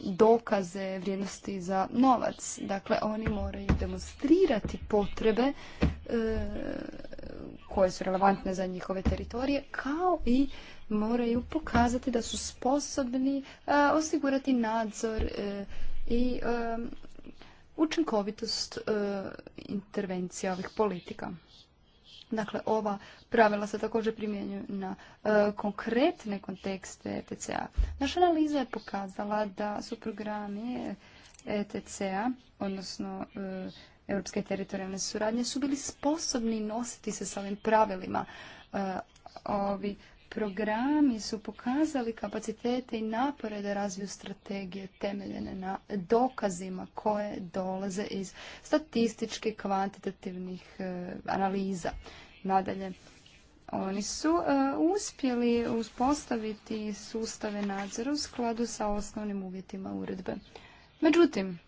dokaze vrijednosti za novac. Dakle, oni moraju demonstrirati potrebe eh, koje su relevantne za njihove teritorije, kao i moraju pokazati da su sposobni eh, osigurati nadzor i učinkovitost e, intervencija ovih politika. Dakle, ova pravila se također primjenjuju na e, konkretne kontekste ETC-a. Naša analiza je pokazala da su programi ETC-a, odnosno e, Europske teritorijalne suradnje, su bili sposobni nositi se sa ovim pravilima. E, ovi programi su pokazali kapacitete i napore da razviju strategije temeljene na dokazima koje dolaze iz statistički kvantitativnih e, analiza. Nadalje, oni su e, uspjeli uspostaviti sustave nadzora u skladu sa osnovnim uvjetima uredbe. Međutim,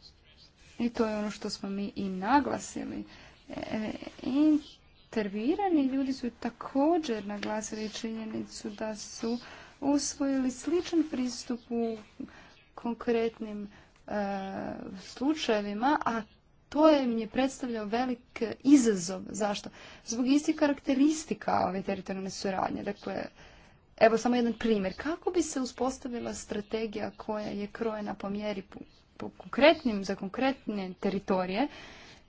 i to je ono što smo mi i naglasili, e, i intervirani ljudi su također naglasili činjenicu da su usvojili sličan pristup u konkretnim e, slučajevima, a to je im je predstavljao velik izazov. Zašto? Zbog istih karakteristika ove teritorijalne suradnje. Dakle, evo samo jedan primjer. Kako bi se uspostavila strategija koja je krojena po mjeri po, po konkretnim, za konkretne teritorije,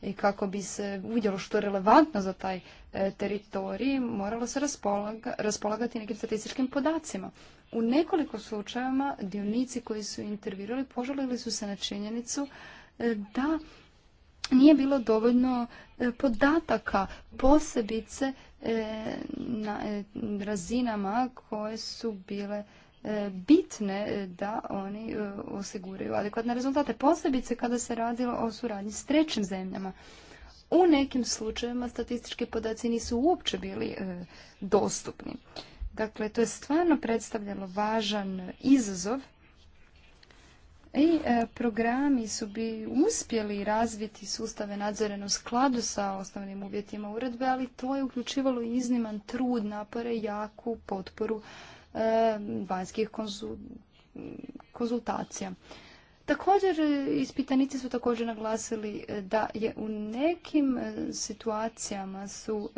i kako bi se vidjelo što je relevantno za taj e, teritorij, moralo se raspolaga, raspolagati nekim statističkim podacima. U nekoliko slučajeva dionici koji su intervirali požalili su se na činjenicu e, da nije bilo dovoljno e, podataka, posebice na razinama koje su bile E, bitne e, da oni e, osiguraju adekvatne rezultate, posebice kada se radilo o suradnji s trećim zemljama. U nekim slučajevima statistički podaci nisu uopće bili dostupni. Dakle, to je stvarno predstavljalo važan izazov i programi su bi uspjeli razviti sustave nadzoreno u skladu sa osnovnim uvjetima uredbe, ali to je uključivalo izniman trud, napore, jaku potporu E, vanjskih konzultacija. Također, ispitanici su također naglasili e, da je u nekim e, situacijama su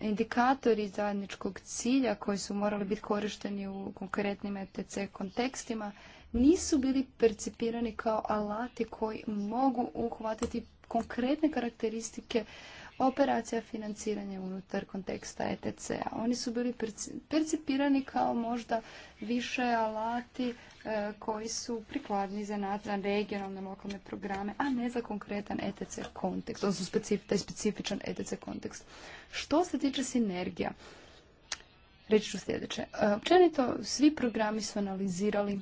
indikatori zajedničkog cilja koji su morali biti korišteni u konkretnim ETC kontekstima nisu bili percipirani kao alati koji mogu uhvatiti konkretne karakteristike operacija financiranja unutar konteksta ETC-a. Oni su bili percipirani kao možda više alati e, koji su prikladni za nadzor regionalne lokalne programe, a ne za konkretan ETC kontekst, odnosno su taj specifičan ETC kontekst. Što se tiče sinergija, reći ću sljedeće. E, općenito, svi programi su analizirali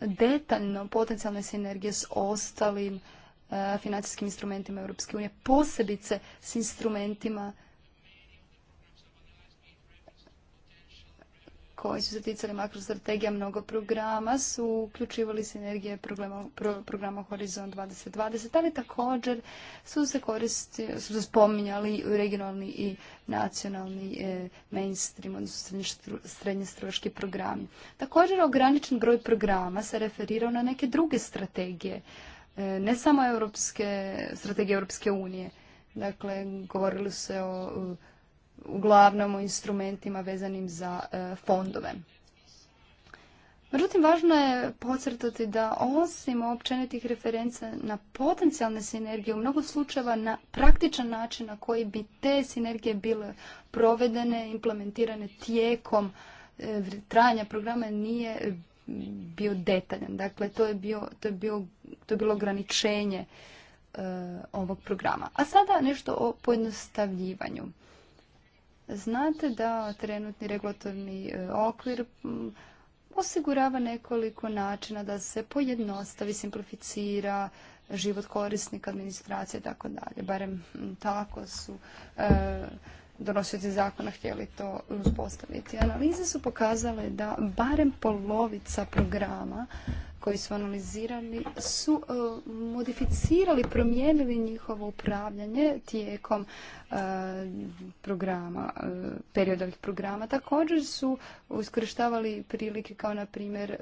detaljno potencijalne sinergije s ostalim E, financijskim instrumentima Europske unije, posebice s instrumentima koji su se ticali makrostrategija, mnogo programa su uključivali sinergije programa, programa Horizon 2020, ali također su se koristili, su se spominjali regionalni i nacionalni e, mainstream, odnosno programi. Također ograničen broj programa se referirao na neke druge strategije, E, ne samo europske, strategije Europske unije. Dakle, govorilo se o uglavnom o instrumentima vezanim za e, fondove. Međutim, važno je podcrtati da osim općenitih referenca na potencijalne sinergije, u mnogo slučajeva na praktičan način na koji bi te sinergije bile provedene, implementirane tijekom e, trajanja programa nije bio detaljan. Dakle, to je, bio, to je, bio, to je bilo ograničenje e, ovog programa. A sada nešto o pojednostavljivanju. Znate da trenutni regulatorni e, okvir mm, osigurava nekoliko načina da se pojednostavi, simplificira život korisnika, administracije i tako dalje. Barem mm, tako su e, donosioci zakona htjeli to uspostaviti. Analize su pokazale da barem polovica programa koji su analizirani su e, modificirali, promijenili njihovo upravljanje tijekom e, programa, uh, e, periodovih programa. Također su iskorištavali prilike kao na primjer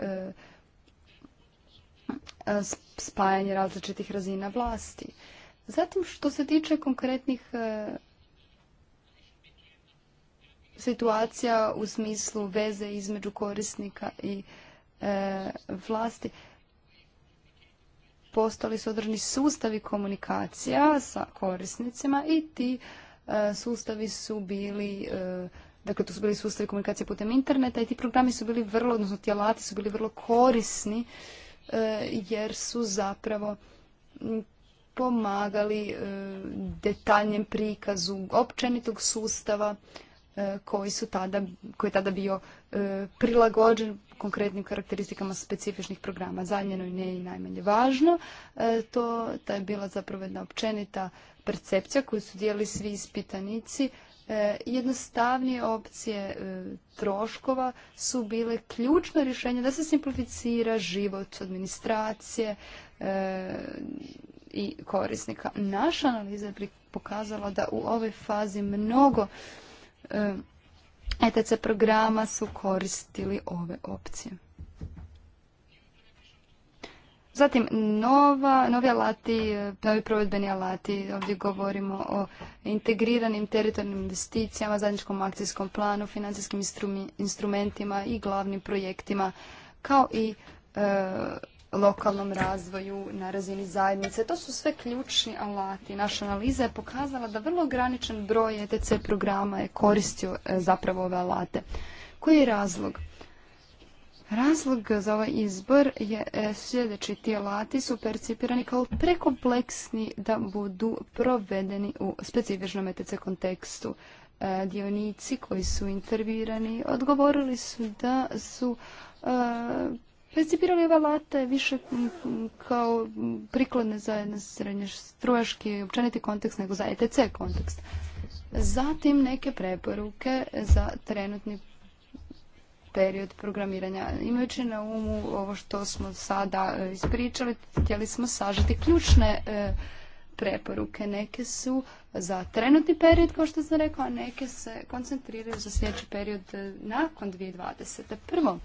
spajanje različitih razina vlasti. Zatim što se tiče konkretnih situacija u smislu veze između korisnika i e, vlasti. Postali su određeni sustavi komunikacija sa korisnicima i ti e, sustavi su bili, e, dakle to su bili sustavi komunikacije putem interneta i ti programi su bili vrlo, odnosno ti alati su bili vrlo korisni jer su zapravo pomagali detaljnjem prikazu općenitog sustava E, koji su tada, koji je tada bio e, prilagođen konkretnim karakteristikama specifičnih programa. i ne i najmanje važno. E, to ta je bila zapravo jedna općenita percepcija koju su dijeli svi ispitanici. Jednostavnije opcije troškova su bile ključno rješenje da se simplificira život administracije i korisnika. Naša analiza je pokazala da u ovoj fazi mnogo ETC e programa su koristili ove opcije. Zatim, nova, novi alati, e, novi provedbeni alati, ovdje govorimo o integriranim teritorijalnim investicijama, zajedničkom akcijskom planu, financijskim instrumentima i glavnim projektima, kao i e, lokalnom razvoju na razini zajednice. To su sve ključni alati. Naša analiza je pokazala da vrlo ograničen broj ETC programa je koristio e, zapravo ove alate. Koji je razlog? Razlog za ovaj izbor je e, sljedeći. Ti alati su percipirani kao prekompleksni da budu provedeni u specifičnom ETC kontekstu. E, dionici koji su intervirani odgovorili su da su percipirali ove više kao prikladne za srednje i općeniti kontekst nego za ETC kontekst. Zatim neke preporuke za trenutni period programiranja. Imajući na umu ovo što smo sada e, ispričali, htjeli smo sažeti ključne e, preporuke. Neke su za trenutni period, kao što sam rekao, a neke se koncentriraju za sljedeći period e, nakon 2020. Prvo,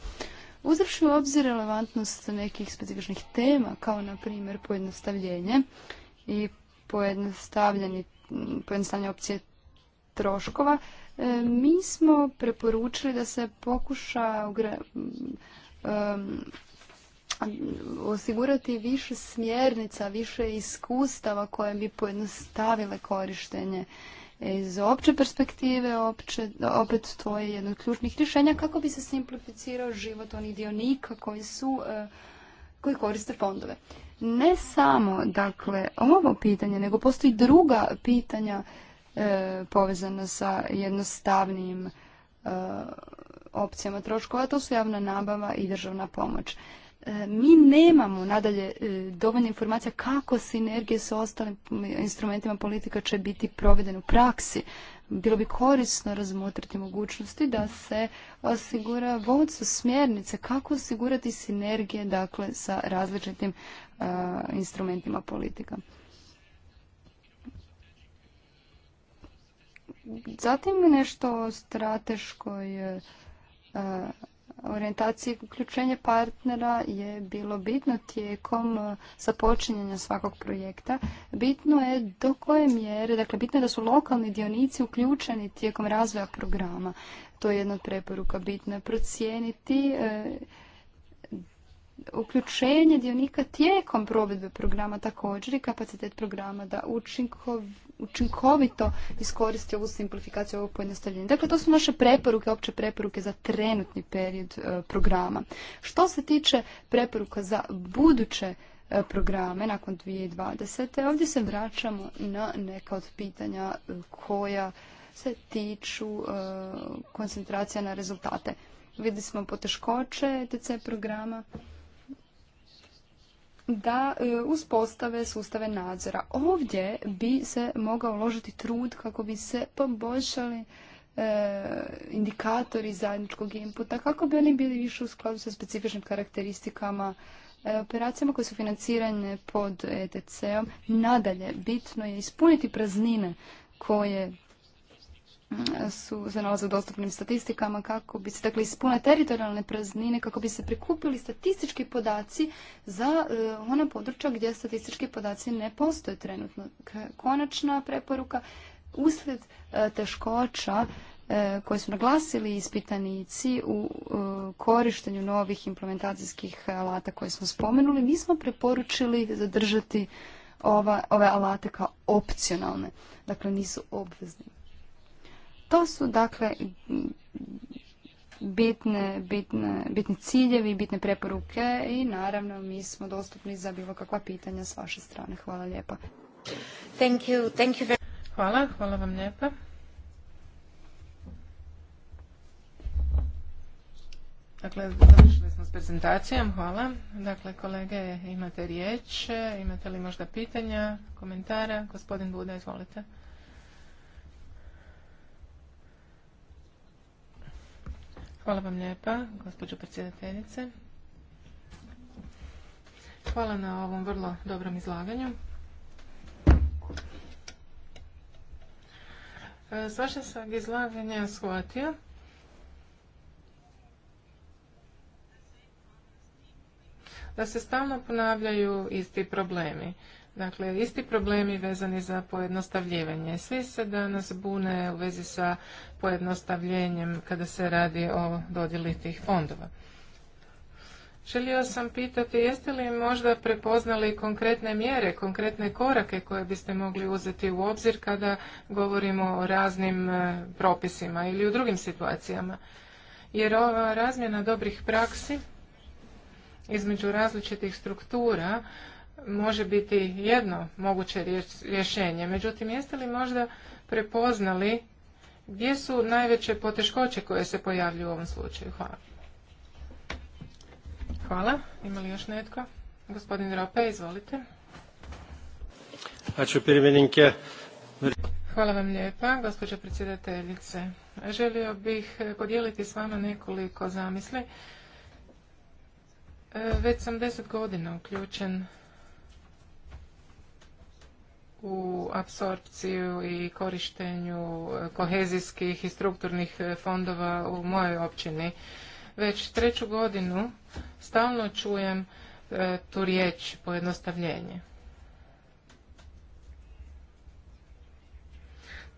uzavši u obzir relevantnost nekih specifičnih tema, kao na primjer pojednostavljenje i pojednostavljanje opcije troškova, e, mi smo preporučili da se pokuša osigurati više smjernica, više iskustava koje bi pojednostavile korištenje iz opće perspektive opće, opet to je jedno od ključnih rješenja kako bi se simplificirao život onih dionika koji su e, koji koriste fondove. Ne samo dakle ovo pitanje, nego postoji druga pitanja e, povezana sa jednostavnim e, opcijama troškova, to su javna nabava i državna pomoć. E, mi nemamo nadalje e, dovoljno informacija kako sinergije sa ostalim instrumentima politika će biti provedene u praksi. Bilo bi korisno razmotriti mogućnosti da se osigura vodstvo smjernice kako osigurati sinergije dakle sa različitim e, instrumentima politika. Zatim nešto o strateškoj i uključenje partnera je bilo bitno tijekom e, započinjanja svakog projekta. Bitno je do koje mjere, dakle bitno je da su lokalni dionici uključeni tijekom razvoja programa. To je jedna od preporuka. Bitno je procijeniti e, uključenje dionika tijekom provedbe programa također i kapacitet programa da učinkovito iskoristi ovu simplifikaciju, ovog pojednostavljenja. Dakle, to su naše preporuke, opće preporuke za trenutni period e, programa. Što se tiče preporuka za buduće e, programe nakon 2020. ovdje se vraćamo na neka od pitanja e, koja se tiču koncentracija na rezultate. Vidjeli smo poteškoće TC programa, da e, uspostave sustave nadzora. Ovdje bi se mogao uložiti trud kako bi se poboljšali e, indikatori zajedničkog inputa, kako bi oni bili više u skladu sa specifičnim karakteristikama e, operacijama koje su financirane pod ETC-om. Nadalje, bitno je ispuniti praznine koje su, se nalaze u dostupnim statistikama kako bi se dakle ispune teritorijalne praznine, kako bi se prikupili statistički podaci za eh, ona područja gdje statistički podaci ne postoje trenutno. Konačna preporuka uslijed eh, teškoća eh, koje su naglasili ispitanici u korištenju novih implementacijskih alata koje smo spomenuli, mi smo preporučili zadržati ove alate kao opcionalne, dakle nisu obvezni. To su dakle bitne, bitne, bitni ciljevi, bitne preporuke i naravno mi smo dostupni za bilo kakva pitanja s vaše strane. Hvala lijepa. Thank you, thank you very... Hvala, hvala vam lijepa. Dakle, završili smo s prezentacijom, hvala. Dakle, kolege, imate riječ, imate li možda pitanja, komentara? Gospodin Buda, izvolite. Hvala vam lijepa, gospođo predsjedateljice. Hvala na ovom vrlo dobrom izlaganju. E, s vašeg sam izlaganja shvatio da se stalno ponavljaju isti problemi. Dakle, isti problemi vezani za pojednostavljivanje. Svi se danas bune u vezi sa pojednostavljenjem kada se radi o dodjeli tih fondova. Želio sam pitati jeste li možda prepoznali konkretne mjere, konkretne korake koje biste mogli uzeti u obzir kada govorimo o raznim e, propisima ili u drugim situacijama. Jer ova razmjena dobrih praksi između različitih struktura može biti jedno moguće rješenje. Međutim, jeste li možda prepoznali gdje su najveće poteškoće koje se pojavljuju u ovom slučaju? Hvala. Hvala. Ima li još netko? Gospodin Rope, izvolite. Hvala vam lijepa, gospođa predsjedateljice. Želio bih podijeliti s vama nekoliko zamisli. E, već sam deset godina uključen u apsorpciju i korištenju e, kohezijskih i strukturnih e, fondova u mojoj općini. Već treću godinu stalno čujem e, tu riječ pojednostavljenje.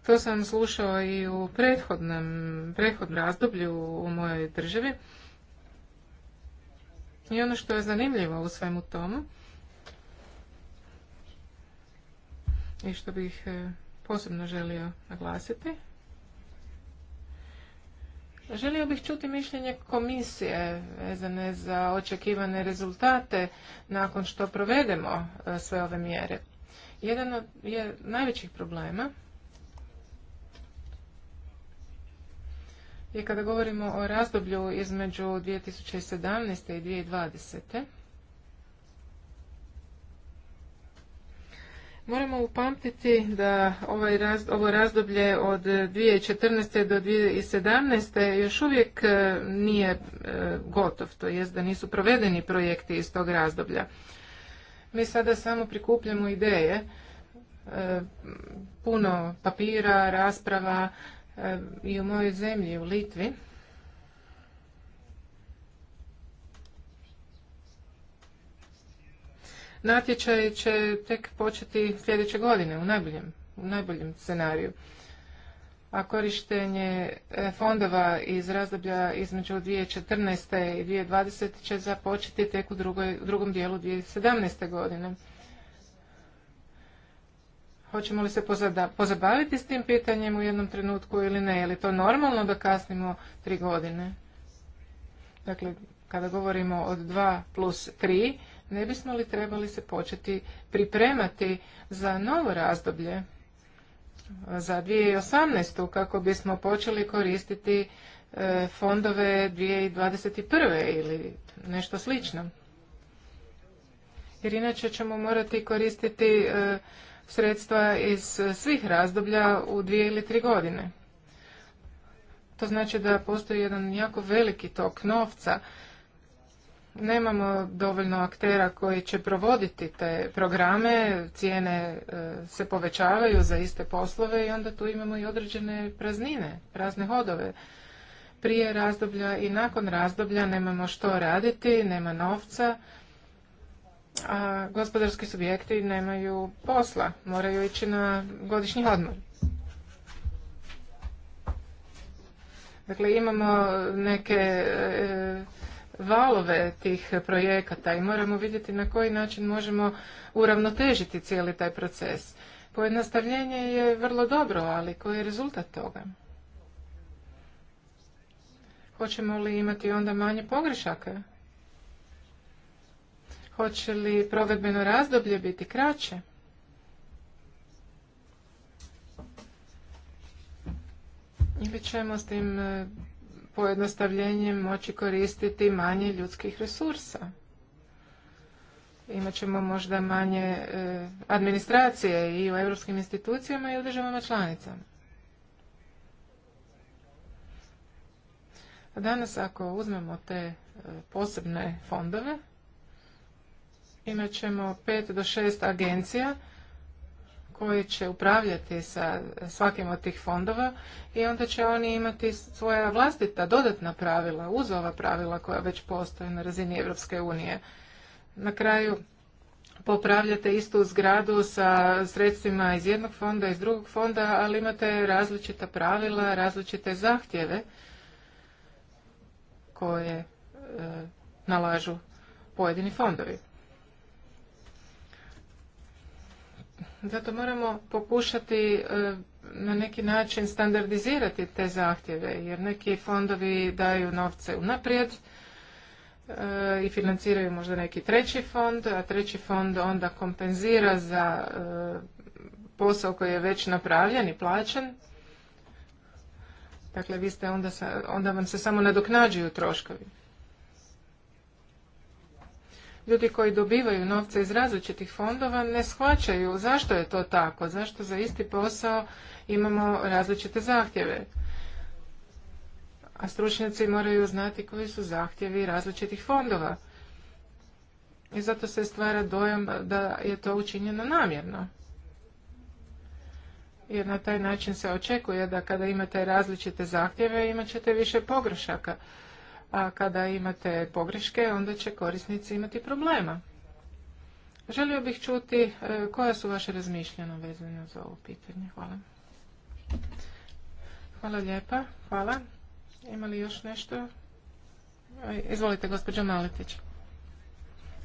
To sam slušao i u prethodnom, razdoblju u mojoj državi. I ono što je zanimljivo u svemu tomu i što bih e, posebno želio naglasiti. Želio bih čuti mišljenje komisije vezane za očekivane rezultate nakon što provedemo e, sve ove mjere. Jedan od je najvećih problema je kada govorimo o razdoblju između 2017. i 2020. Moramo upamtiti da ovaj ovo razdoblje od 2014. do 2017. još uvijek e, nije e, gotov, to jest da nisu provedeni projekti iz tog razdoblja. Mi sada samo prikupljamo ideje, e, puno papira, rasprava i u mojoj zemlji, u Litvi, Natječaj će tek početi sljedeće godine u najboljem, u najboljem scenariju. A korištenje e, fondova iz razdoblja između 2014. i 2020. će započeti tek u drugoj, drugom dijelu 2017. godine. Hoćemo li se pozabaviti s tim pitanjem u jednom trenutku ili ne? Je li to normalno da kasnimo tri godine? Dakle, kada govorimo od dva plus tri... Ne bismo li trebali se početi pripremati za novo razdoblje, za 2018. kako bismo počeli koristiti e, fondove 2021. ili nešto slično? Jer inače ćemo morati koristiti e, sredstva iz svih razdoblja u dvije ili tri godine. To znači da postoji jedan jako veliki tok novca nemamo dovoljno aktera koji će provoditi te programe, cijene e, se povećavaju za iste poslove i onda tu imamo i određene praznine, prazne hodove. Prije razdoblja i nakon razdoblja nemamo što raditi, nema novca, a gospodarski subjekti nemaju posla, moraju ići na godišnji odmor. Dakle, imamo neke e, valove tih projekata i moramo vidjeti na koji način možemo uravnotežiti cijeli taj proces. Pojednostavljenje je vrlo dobro, ali koji je rezultat toga? Hoćemo li imati onda manje pogrešaka? Hoće li provedbeno razdoblje biti kraće? Ili ćemo s tim pojednostavljenjem moći koristiti manje ljudskih resursa. Imaćemo možda manje e, administracije i u europskim institucijama i u državama članicama. Danas ako uzmemo te e, posebne fondove, imat ćemo pet do šest agencija koji će upravljati sa svakim od tih fondova i onda će oni imati svoja vlastita dodatna pravila uz ova pravila koja već postoje na razini Europske unije. Na kraju popravljate istu zgradu sa sredstvima iz jednog fonda, iz drugog fonda, ali imate različita pravila, različite zahtjeve koje e, nalažu pojedini fondovi. Zato moramo pokušati e, na neki način standardizirati te zahtjeve, jer neki fondovi daju novce unaprijed e, i financiraju možda neki treći fond, a treći fond onda kompenzira za e, posao koji je već napravljen i plaćen. Dakle, vi ste onda, onda vam se samo nadoknađuju troškovi ljudi koji dobivaju novce iz različitih fondova ne shvaćaju zašto je to tako, zašto za isti posao imamo različite zahtjeve. A stručnjaci moraju znati koji su zahtjevi različitih fondova. I zato se stvara dojam da je to učinjeno namjerno jer na taj način se očekuje da kada imate različite zahtjeve imat ćete više pogrešaka a kada imate pogreške, onda će korisnici imati problema. Želio bih čuti e, koja su vaše razmišljanja vezana za ovo pitanje. Hvala. Hvala lijepa. Hvala. Ima li još nešto? E, izvolite, gospođo Maletić.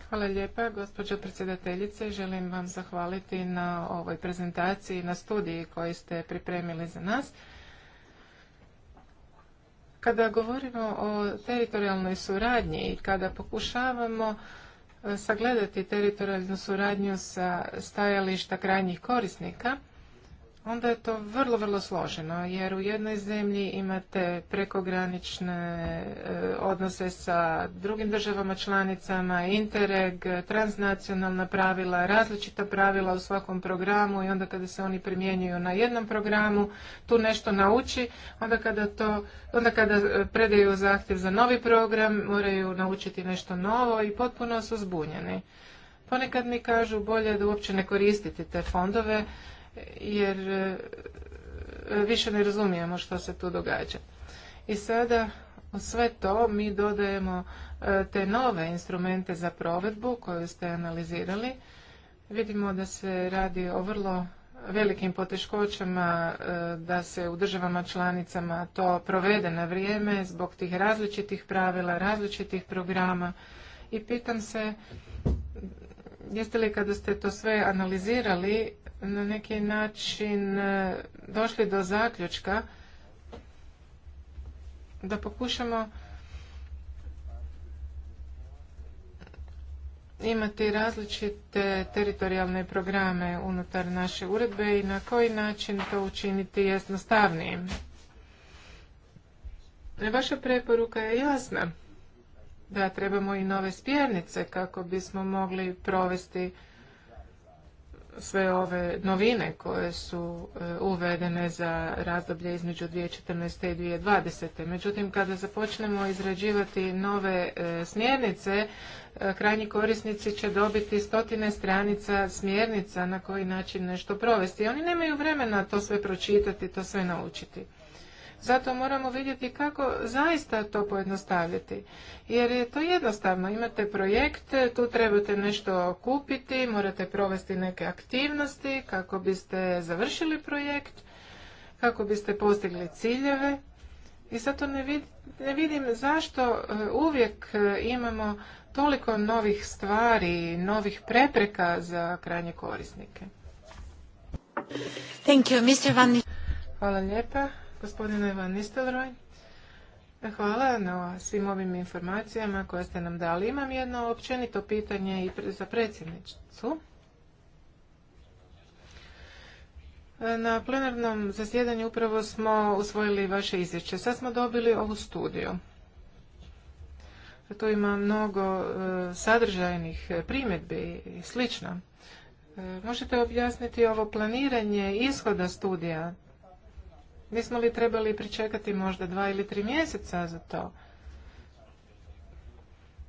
Hvala lijepa, gospođo predsjedateljice. Želim vam zahvaliti na ovoj prezentaciji, na studiji koji ste pripremili za nas. Kada govorimo o teritorijalnoj suradnji i kada pokušavamo e, sagledati teritorijalnu suradnju sa stajališta krajnjih korisnika, onda je to vrlo, vrlo složeno, jer u jednoj zemlji imate prekogranične e, odnose sa drugim državama članicama, Interreg, transnacionalna pravila, različita pravila u svakom programu i onda kada se oni primjenjuju na jednom programu, tu nešto nauči, onda kada, to, onda kada e, predaju zahtjev za novi program, moraju naučiti nešto novo i potpuno su zbunjeni. Ponekad mi kažu bolje da uopće ne koristite te fondove, jer e, više ne razumijemo što se tu događa. I sada u sve to mi dodajemo e, te nove instrumente za provedbu koju ste analizirali. Vidimo da se radi o vrlo velikim poteškoćama e, da se u državama članicama to provede na vrijeme zbog tih različitih pravila, različitih programa i pitam se jeste li kada ste to sve analizirali na neki način e, došli do zaključka da pokušamo imati različite teritorijalne programe unutar naše uredbe i na koji način to učiniti jednostavnijim. Vaša preporuka je jasna da trebamo i nove smjernice kako bismo mogli provesti sve ove novine koje su e, uvedene za razdoblje između 2014. i 2020. Međutim, kada započnemo izrađivati nove e, smjernice, e, krajnji korisnici će dobiti stotine stranica smjernica na koji način nešto provesti. Oni nemaju vremena to sve pročitati, to sve naučiti. Zato moramo vidjeti kako zaista to pojednostaviti. Jer je to jednostavno. Imate projekt, tu trebate nešto kupiti, morate provesti neke aktivnosti kako biste završili projekt, kako biste postigli ciljeve. I zato ne vidim, ne vidim zašto e, uvijek e, imamo toliko novih stvari, novih prepreka za krajnje korisnike. Hvala lijepa gospodine Van Nistelroj. E, hvala na svim ovim informacijama koje ste nam dali. Imam jedno općenito pitanje i za predsjednicu. E, na plenarnom zasjedanju upravo smo usvojili vaše izvješće. Sad smo dobili ovu studiju. Tu ima mnogo e, sadržajnih primjedbi i slično. Možete objasniti ovo planiranje ishoda studija? Bismo li trebali pričekati možda dva ili tri mjeseca za to?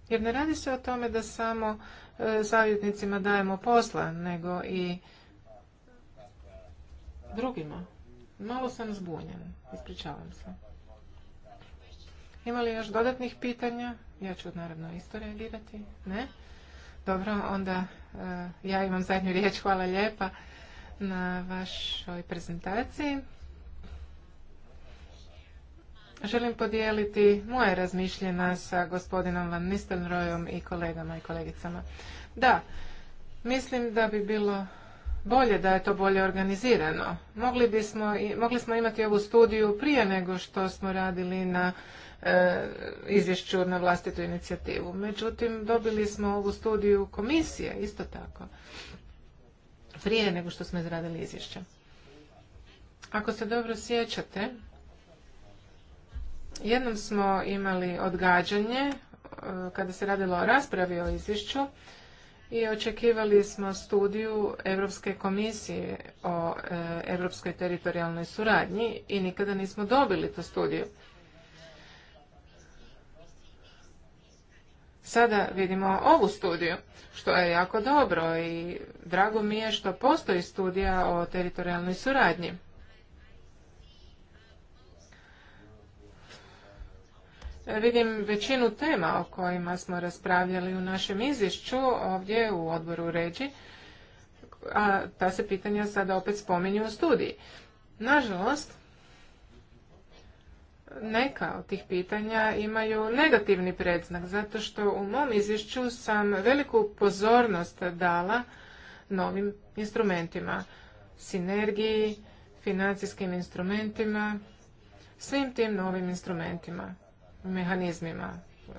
Jer ne radi se o tome da samo e, savjetnicima dajemo posla, nego i drugima. Malo sam zbunjen, ispričavam se. Imali li još dodatnih pitanja? Ja ću naravno isto reagirati. Ne? Dobro, onda e, ja imam zadnju riječ. Hvala lijepa na vašoj prezentaciji. Želim podijeliti moje razmišljena sa gospodinom Van Nistelrojom i kolegama i kolegicama. Da, mislim da bi bilo bolje da je to bolje organizirano. Mogli, bismo, mogli smo imati ovu studiju prije nego što smo radili na e, izvješću na vlastitu inicijativu. Međutim, dobili smo ovu studiju komisije, isto tako, prije nego što smo izradili izvješće. Ako se dobro sjećate, Jednom smo imali odgađanje e, kada se radilo o raspravi o izvješću i očekivali smo studiju Europske komisije o e, europskoj teritorijalnoj suradnji i nikada nismo dobili tu studiju. Sada vidimo ovu studiju, što je jako dobro i drago mi je što postoji studija o teritorijalnoj suradnji. Vidim većinu tema o kojima smo raspravljali u našem izvješću ovdje u odboru ređi, a ta se pitanja sada opet spominju u studiji. Nažalost, neka od tih pitanja imaju negativni predznak, zato što u mom izvješću sam veliku pozornost dala novim instrumentima, sinergiji, financijskim instrumentima, svim tim novim instrumentima mehanizmima,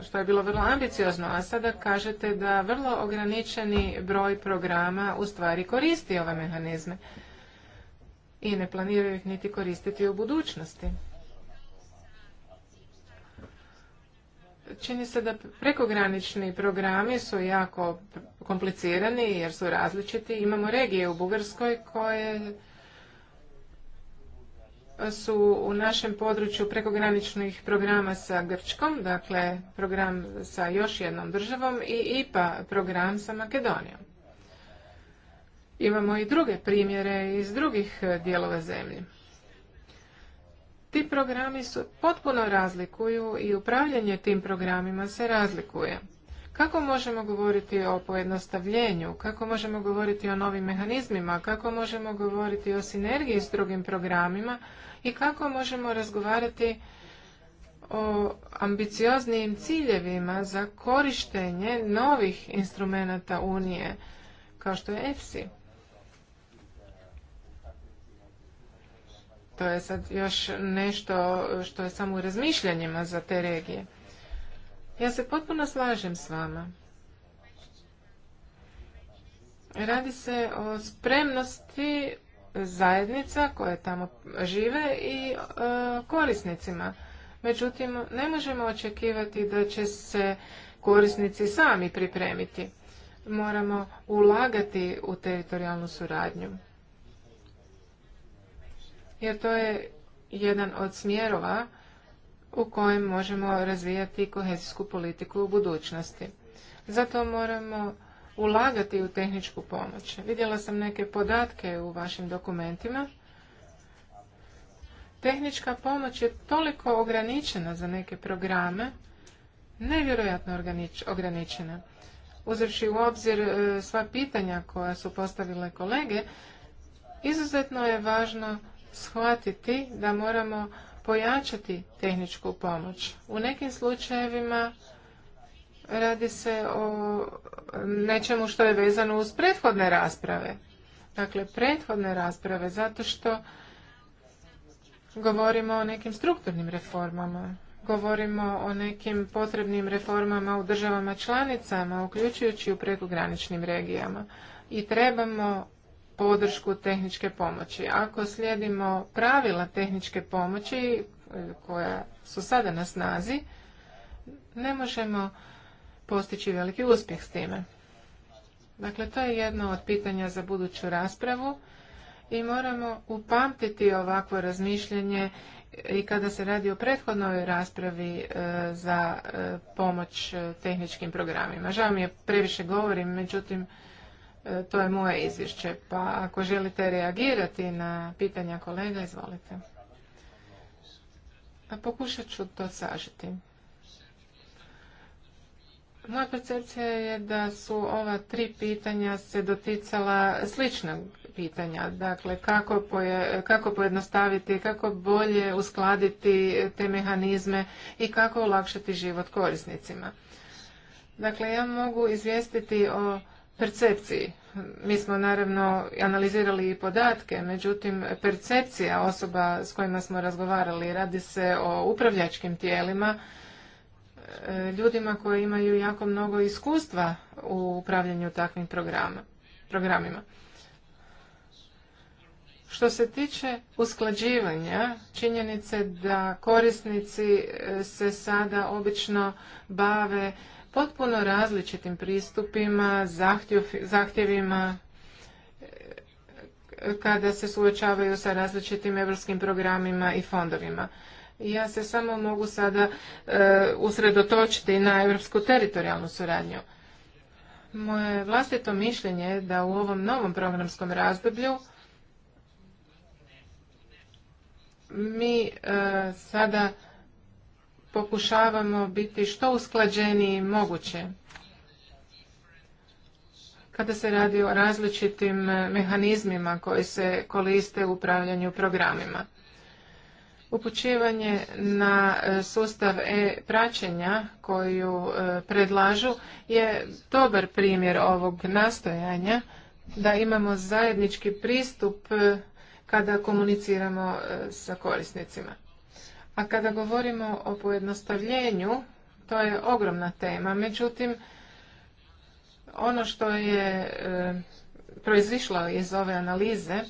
što je bilo vrlo ambiciozno, a sada kažete da vrlo ograničeni broj programa u stvari koristi ove mehanizme i ne planiraju ih niti koristiti u budućnosti. Čini se da prekogranični programi su jako komplicirani jer su različiti. Imamo regije u Bugarskoj koje su u našem području prekograničnih programa sa Grčkom, dakle program sa još jednom državom i IPA program sa Makedonijom. Imamo i druge primjere iz drugih e, dijelova zemlje. Ti programi su potpuno razlikuju i upravljanje tim programima se razlikuje. Kako možemo govoriti o pojednostavljenju, kako možemo govoriti o novim mehanizmima, kako možemo govoriti o sinergiji s drugim programima i kako možemo razgovarati o ambicioznijim ciljevima za korištenje novih instrumenata Unije, kao što je EFSI. To je sad još nešto što je samo u razmišljanjima za te regije. Ja se potpuno slažem s vama. Radi se o spremnosti zajednica koje tamo žive i e, korisnicima. Međutim, ne možemo očekivati da će se korisnici sami pripremiti. Moramo ulagati u teritorijalnu suradnju. Jer to je jedan od smjerova u kojem možemo razvijati kohezijsku politiku u budućnosti. Zato moramo ulagati u tehničku pomoć. Vidjela sam neke podatke u vašim dokumentima. Tehnička pomoć je toliko ograničena za neke programe, nevjerojatno ograničena. Uzevši u obzir e, sva pitanja koja su postavile kolege, izuzetno je važno shvatiti da moramo pojačati tehničku pomoć. U nekim slučajevima Radi se o nečemu što je vezano uz prethodne rasprave. Dakle, prethodne rasprave, zato što govorimo o nekim strukturnim reformama. Govorimo o nekim potrebnim reformama u državama članicama, uključujući u prekograničnim regijama. I trebamo podršku tehničke pomoći. Ako slijedimo pravila tehničke pomoći e, koja su sada na snazi, ne možemo postići veliki uspjeh s time. Dakle, to je jedno od pitanja za buduću raspravu i moramo upamtiti ovakvo razmišljanje i kada se radi o prethodnoj raspravi e, za e, pomoć e, tehničkim programima. Žao mi je previše govorim, međutim, to je moje izvješće, pa ako želite reagirati na pitanja kolega, izvolite. A pokušat ću to sažiti. Moja percepcija je da su ova tri pitanja se doticala sličnog pitanja. Dakle, kako, kako pojednostaviti, kako bolje uskladiti te mehanizme i kako olakšati život korisnicima. Dakle, ja mogu izvijestiti o percepciji. Mi smo naravno analizirali i podatke, međutim percepcija osoba s kojima smo razgovarali radi se o upravljačkim tijelima E, ljudima koji imaju jako mnogo iskustva u upravljanju takvim programima. Što se tiče usklađivanja, činjenice da korisnici e, se sada obično bave potpuno različitim pristupima, zahtjevima e, kada se suočavaju sa različitim europskim programima i fondovima. Ja se samo mogu sada e, usredotočiti na europsku teritorijalnu suradnju. Moje vlastito mišljenje je da u ovom novom programskom razdoblju mi e, sada pokušavamo biti što usklađeniji moguće kada se radi o različitim mehanizmima koji se koriste u upravljanju programima. Upućivanje na e, sustav e-praćenja koju e, predlažu je dobar primjer ovog nastojanja da imamo zajednički pristup e, kada komuniciramo sa korisnicima. A kada govorimo o pojednostavljenju, to je ogromna tema. Međutim, ono što je proizišlo iz ove analize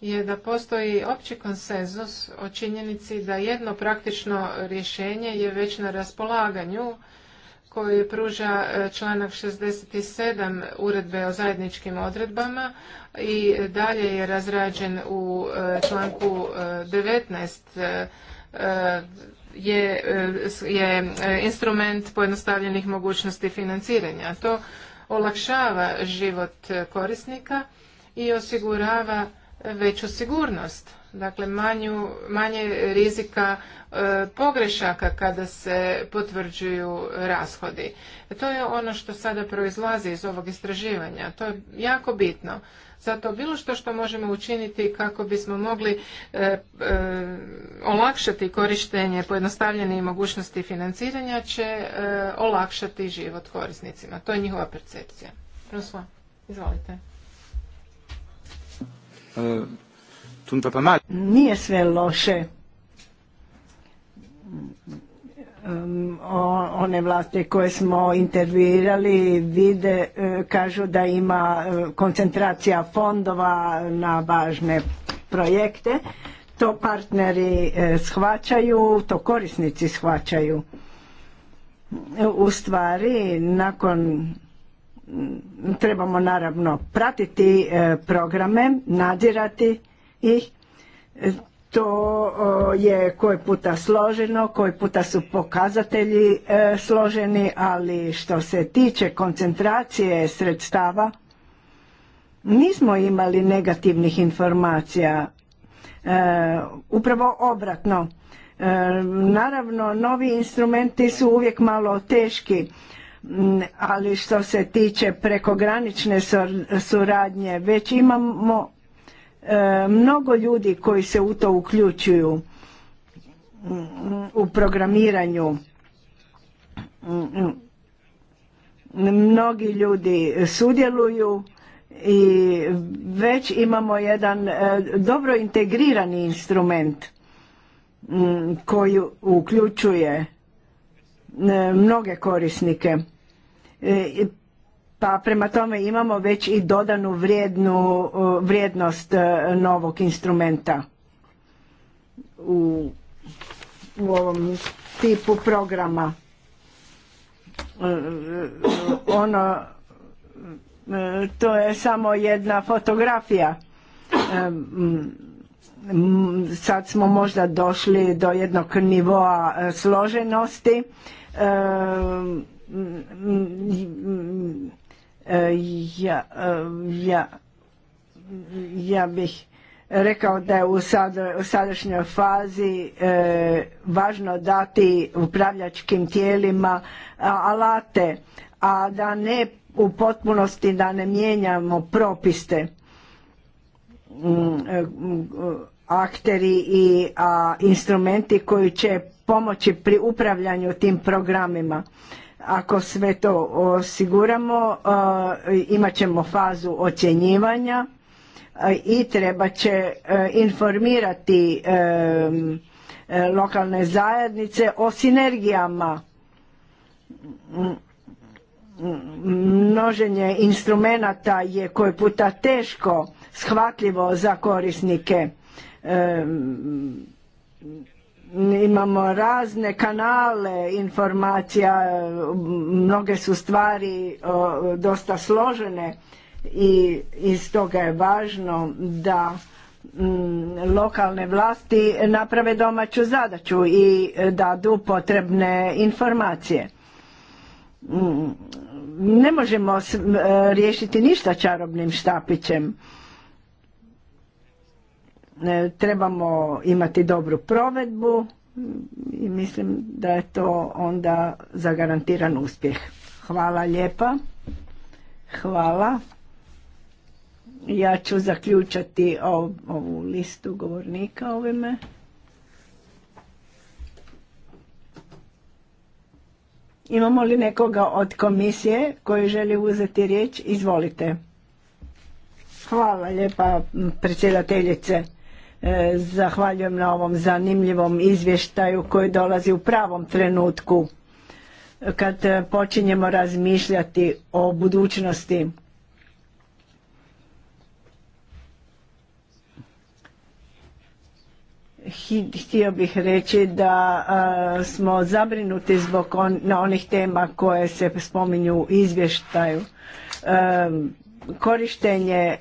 je da postoji opći konsenzus o činjenici da jedno praktično rješenje je već na raspolaganju koji pruža e, članak 67 uredbe o zajedničkim odredbama i dalje je razrađen u e, članku 19 e, je, je instrument pojednostavljenih mogućnosti financiranja. To olakšava život korisnika i osigurava veću sigurnost, dakle manju, manje rizika e, pogrešaka kada se potvrđuju rashodi. E, to je ono što sada proizlazi iz ovog istraživanja. To je jako bitno. Zato bilo što što možemo učiniti kako bismo mogli e, olakšati korištenje pojednostavljene mogućnosti financiranja će olakšati život korisnicima. To je njihova percepcija. Prosva, izvolite. E, Nije sve loše. One vlasti koje smo intervjuirali vide, e, kažu da ima e, koncentracija fondova na važne projekte. To partneri shvaćaju, to korisnici shvaćaju. U stvari, nakon trebamo naravno pratiti e, programe, nadzirati ih. E, to je koji puta složeno, koji puta su pokazatelji e, složeni, ali što se tiče koncentracije sredstava, nismo imali negativnih informacija. Upravo obratno. Naravno, novi instrumenti su uvijek malo teški ali što se tiče prekogranične suradnje već imamo e, mnogo ljudi koji se u to uključuju mm, u programiranju mm, mm, mnogi ljudi sudjeluju i već imamo jedan e, dobro integrirani instrument koji uključuje e, mnoge korisnike E, pa prema tome imamo već i dodanu vrijednu, e, vrijednost e, novog instrumenta u, u ovom tipu programa. Ono, to je samo jedna fotografija. Sad smo možda došli do jednog nivoa složenosti ja, ja, bih rekao da je u, sadašnjoj fazi e, važno dati upravljačkim tijelima alate, a da ne u potpunosti da ne mijenjamo propiste mm, e, akteri i instrumenti koji će pomoći pri upravljanju tim programima ako sve to osiguramo, imat ćemo fazu ocjenjivanja i treba će informirati lokalne zajednice o sinergijama množenje instrumenata je koji puta teško shvatljivo za korisnike imamo razne kanale informacija, mnoge su stvari dosta složene i iz toga je važno da mm, lokalne vlasti naprave domaću zadaću i dadu potrebne informacije. Mm, ne možemo e, riješiti ništa čarobnim štapićem E, trebamo imati dobru provedbu i mislim da je to onda zagarantiran uspjeh. Hvala lijepa. Hvala. Ja ću zaključati ovu listu govornika ovime. Imamo li nekoga od komisije koji želi uzeti riječ? Izvolite. Hvala lijepa predsjedateljice. E, zahvaljujem na ovom zanimljivom izvještaju koji dolazi u pravom trenutku kad e, počinjemo razmišljati o budućnosti. Htio bih reći da e, smo zabrinuti zbog onih tema koje se spominju u izvještaju korištenje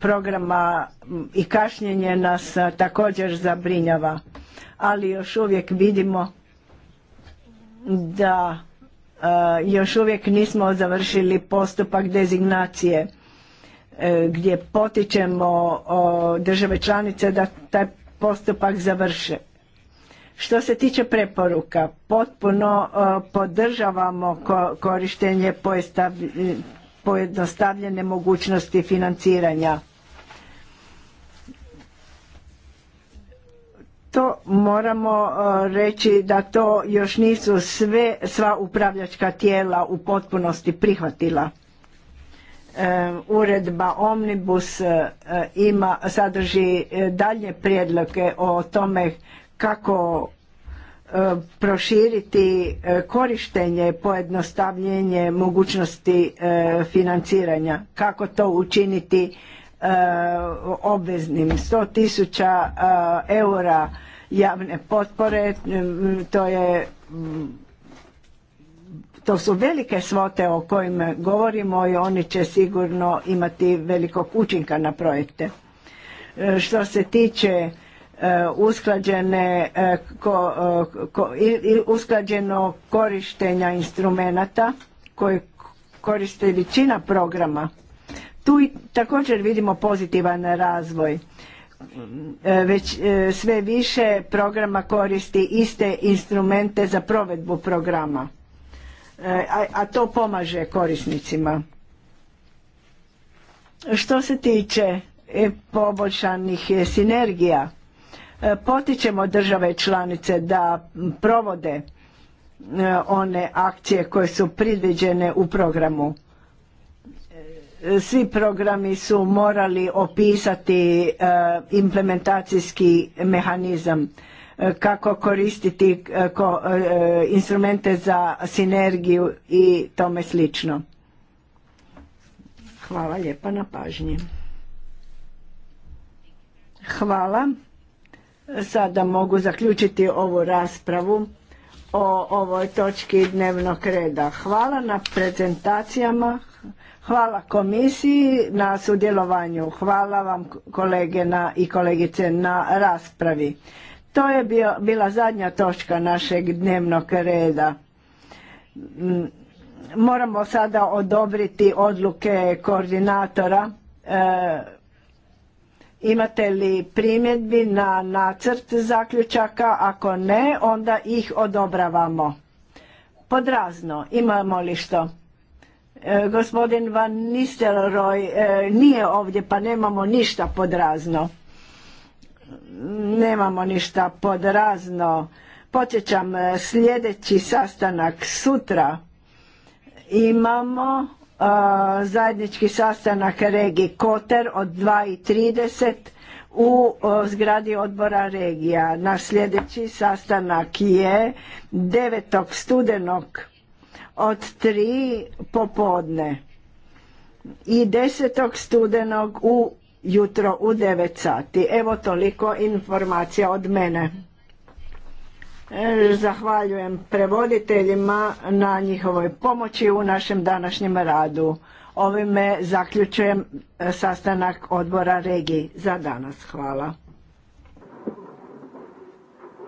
programa i kašnjenje nas e, također zabrinjava ali još uvijek vidimo da e, još uvijek nismo završili postupak dezignacije e, gdje potičemo države članice da taj postupak završe. Što se tiče preporuka, potpuno podržavamo korištenje pojednostavljene mogućnosti financiranja. To moramo e, reći da to još nisu sve, sva upravljačka tijela u potpunosti prihvatila. E, uredba Omnibus e, ima, sadrži dalje prijedloge o tome kako E, proširiti e, korištenje, pojednostavljenje mogućnosti e, financiranja. Kako to učiniti obveznim? 100 tisuća eura javne potpore, to je mm, to su velike svote o kojim govorimo i oni će sigurno imati velikog učinka na projekte. Što se tiče E, usklađene e, e, i usklađeno korištenja instrumenata koje koriste većina programa. Tu također vidimo pozitivan razvoj. Već sve više programa koristi iste instrumente za provedbu programa. A, a to pomaže korisnicima. Što se tiče poboljšanih sinergija, E, potičemo države članice da provode e, one akcije koje su predviđene u programu. E, svi programi su morali opisati implementacijski mehanizam kako koristiti instrumente za sinergiju i tome slično. Hvala lijepa na Hvala. Sada mogu zaključiti ovu raspravu o ovoj točki dnevnog reda. Hvala na prezentacijama, hvala komisiji na sudjelovanju, hvala vam kolege na, i kolegice na raspravi. To je bio, bila zadnja točka našeg dnevnog reda. Mm, moramo sada odobriti odluke koordinatora. E, Imate li primjedbi na nacrt zaključaka? Ako ne, onda ih odobravamo. Podrazno, imamo li što? E, gospodin Van Nistelroj e, nije ovdje pa nemamo ništa podrazno. Nemamo ništa podrazno. Počećam e, sljedeći sastanak sutra imamo zajednički sastanak Regi Koter od 2.30 u zgradi odbora regija. Na sljedeći sastanak je 9. studenog od 3 popodne i 10. studenog u jutro u 9 sati. Evo toliko informacija od mene. E, zahvaljujem prevoditeljima na njihovoj pomoći u našem današnjem radu. Ovime zaključujem e, sastanak odbora regiji za danas. Hvala.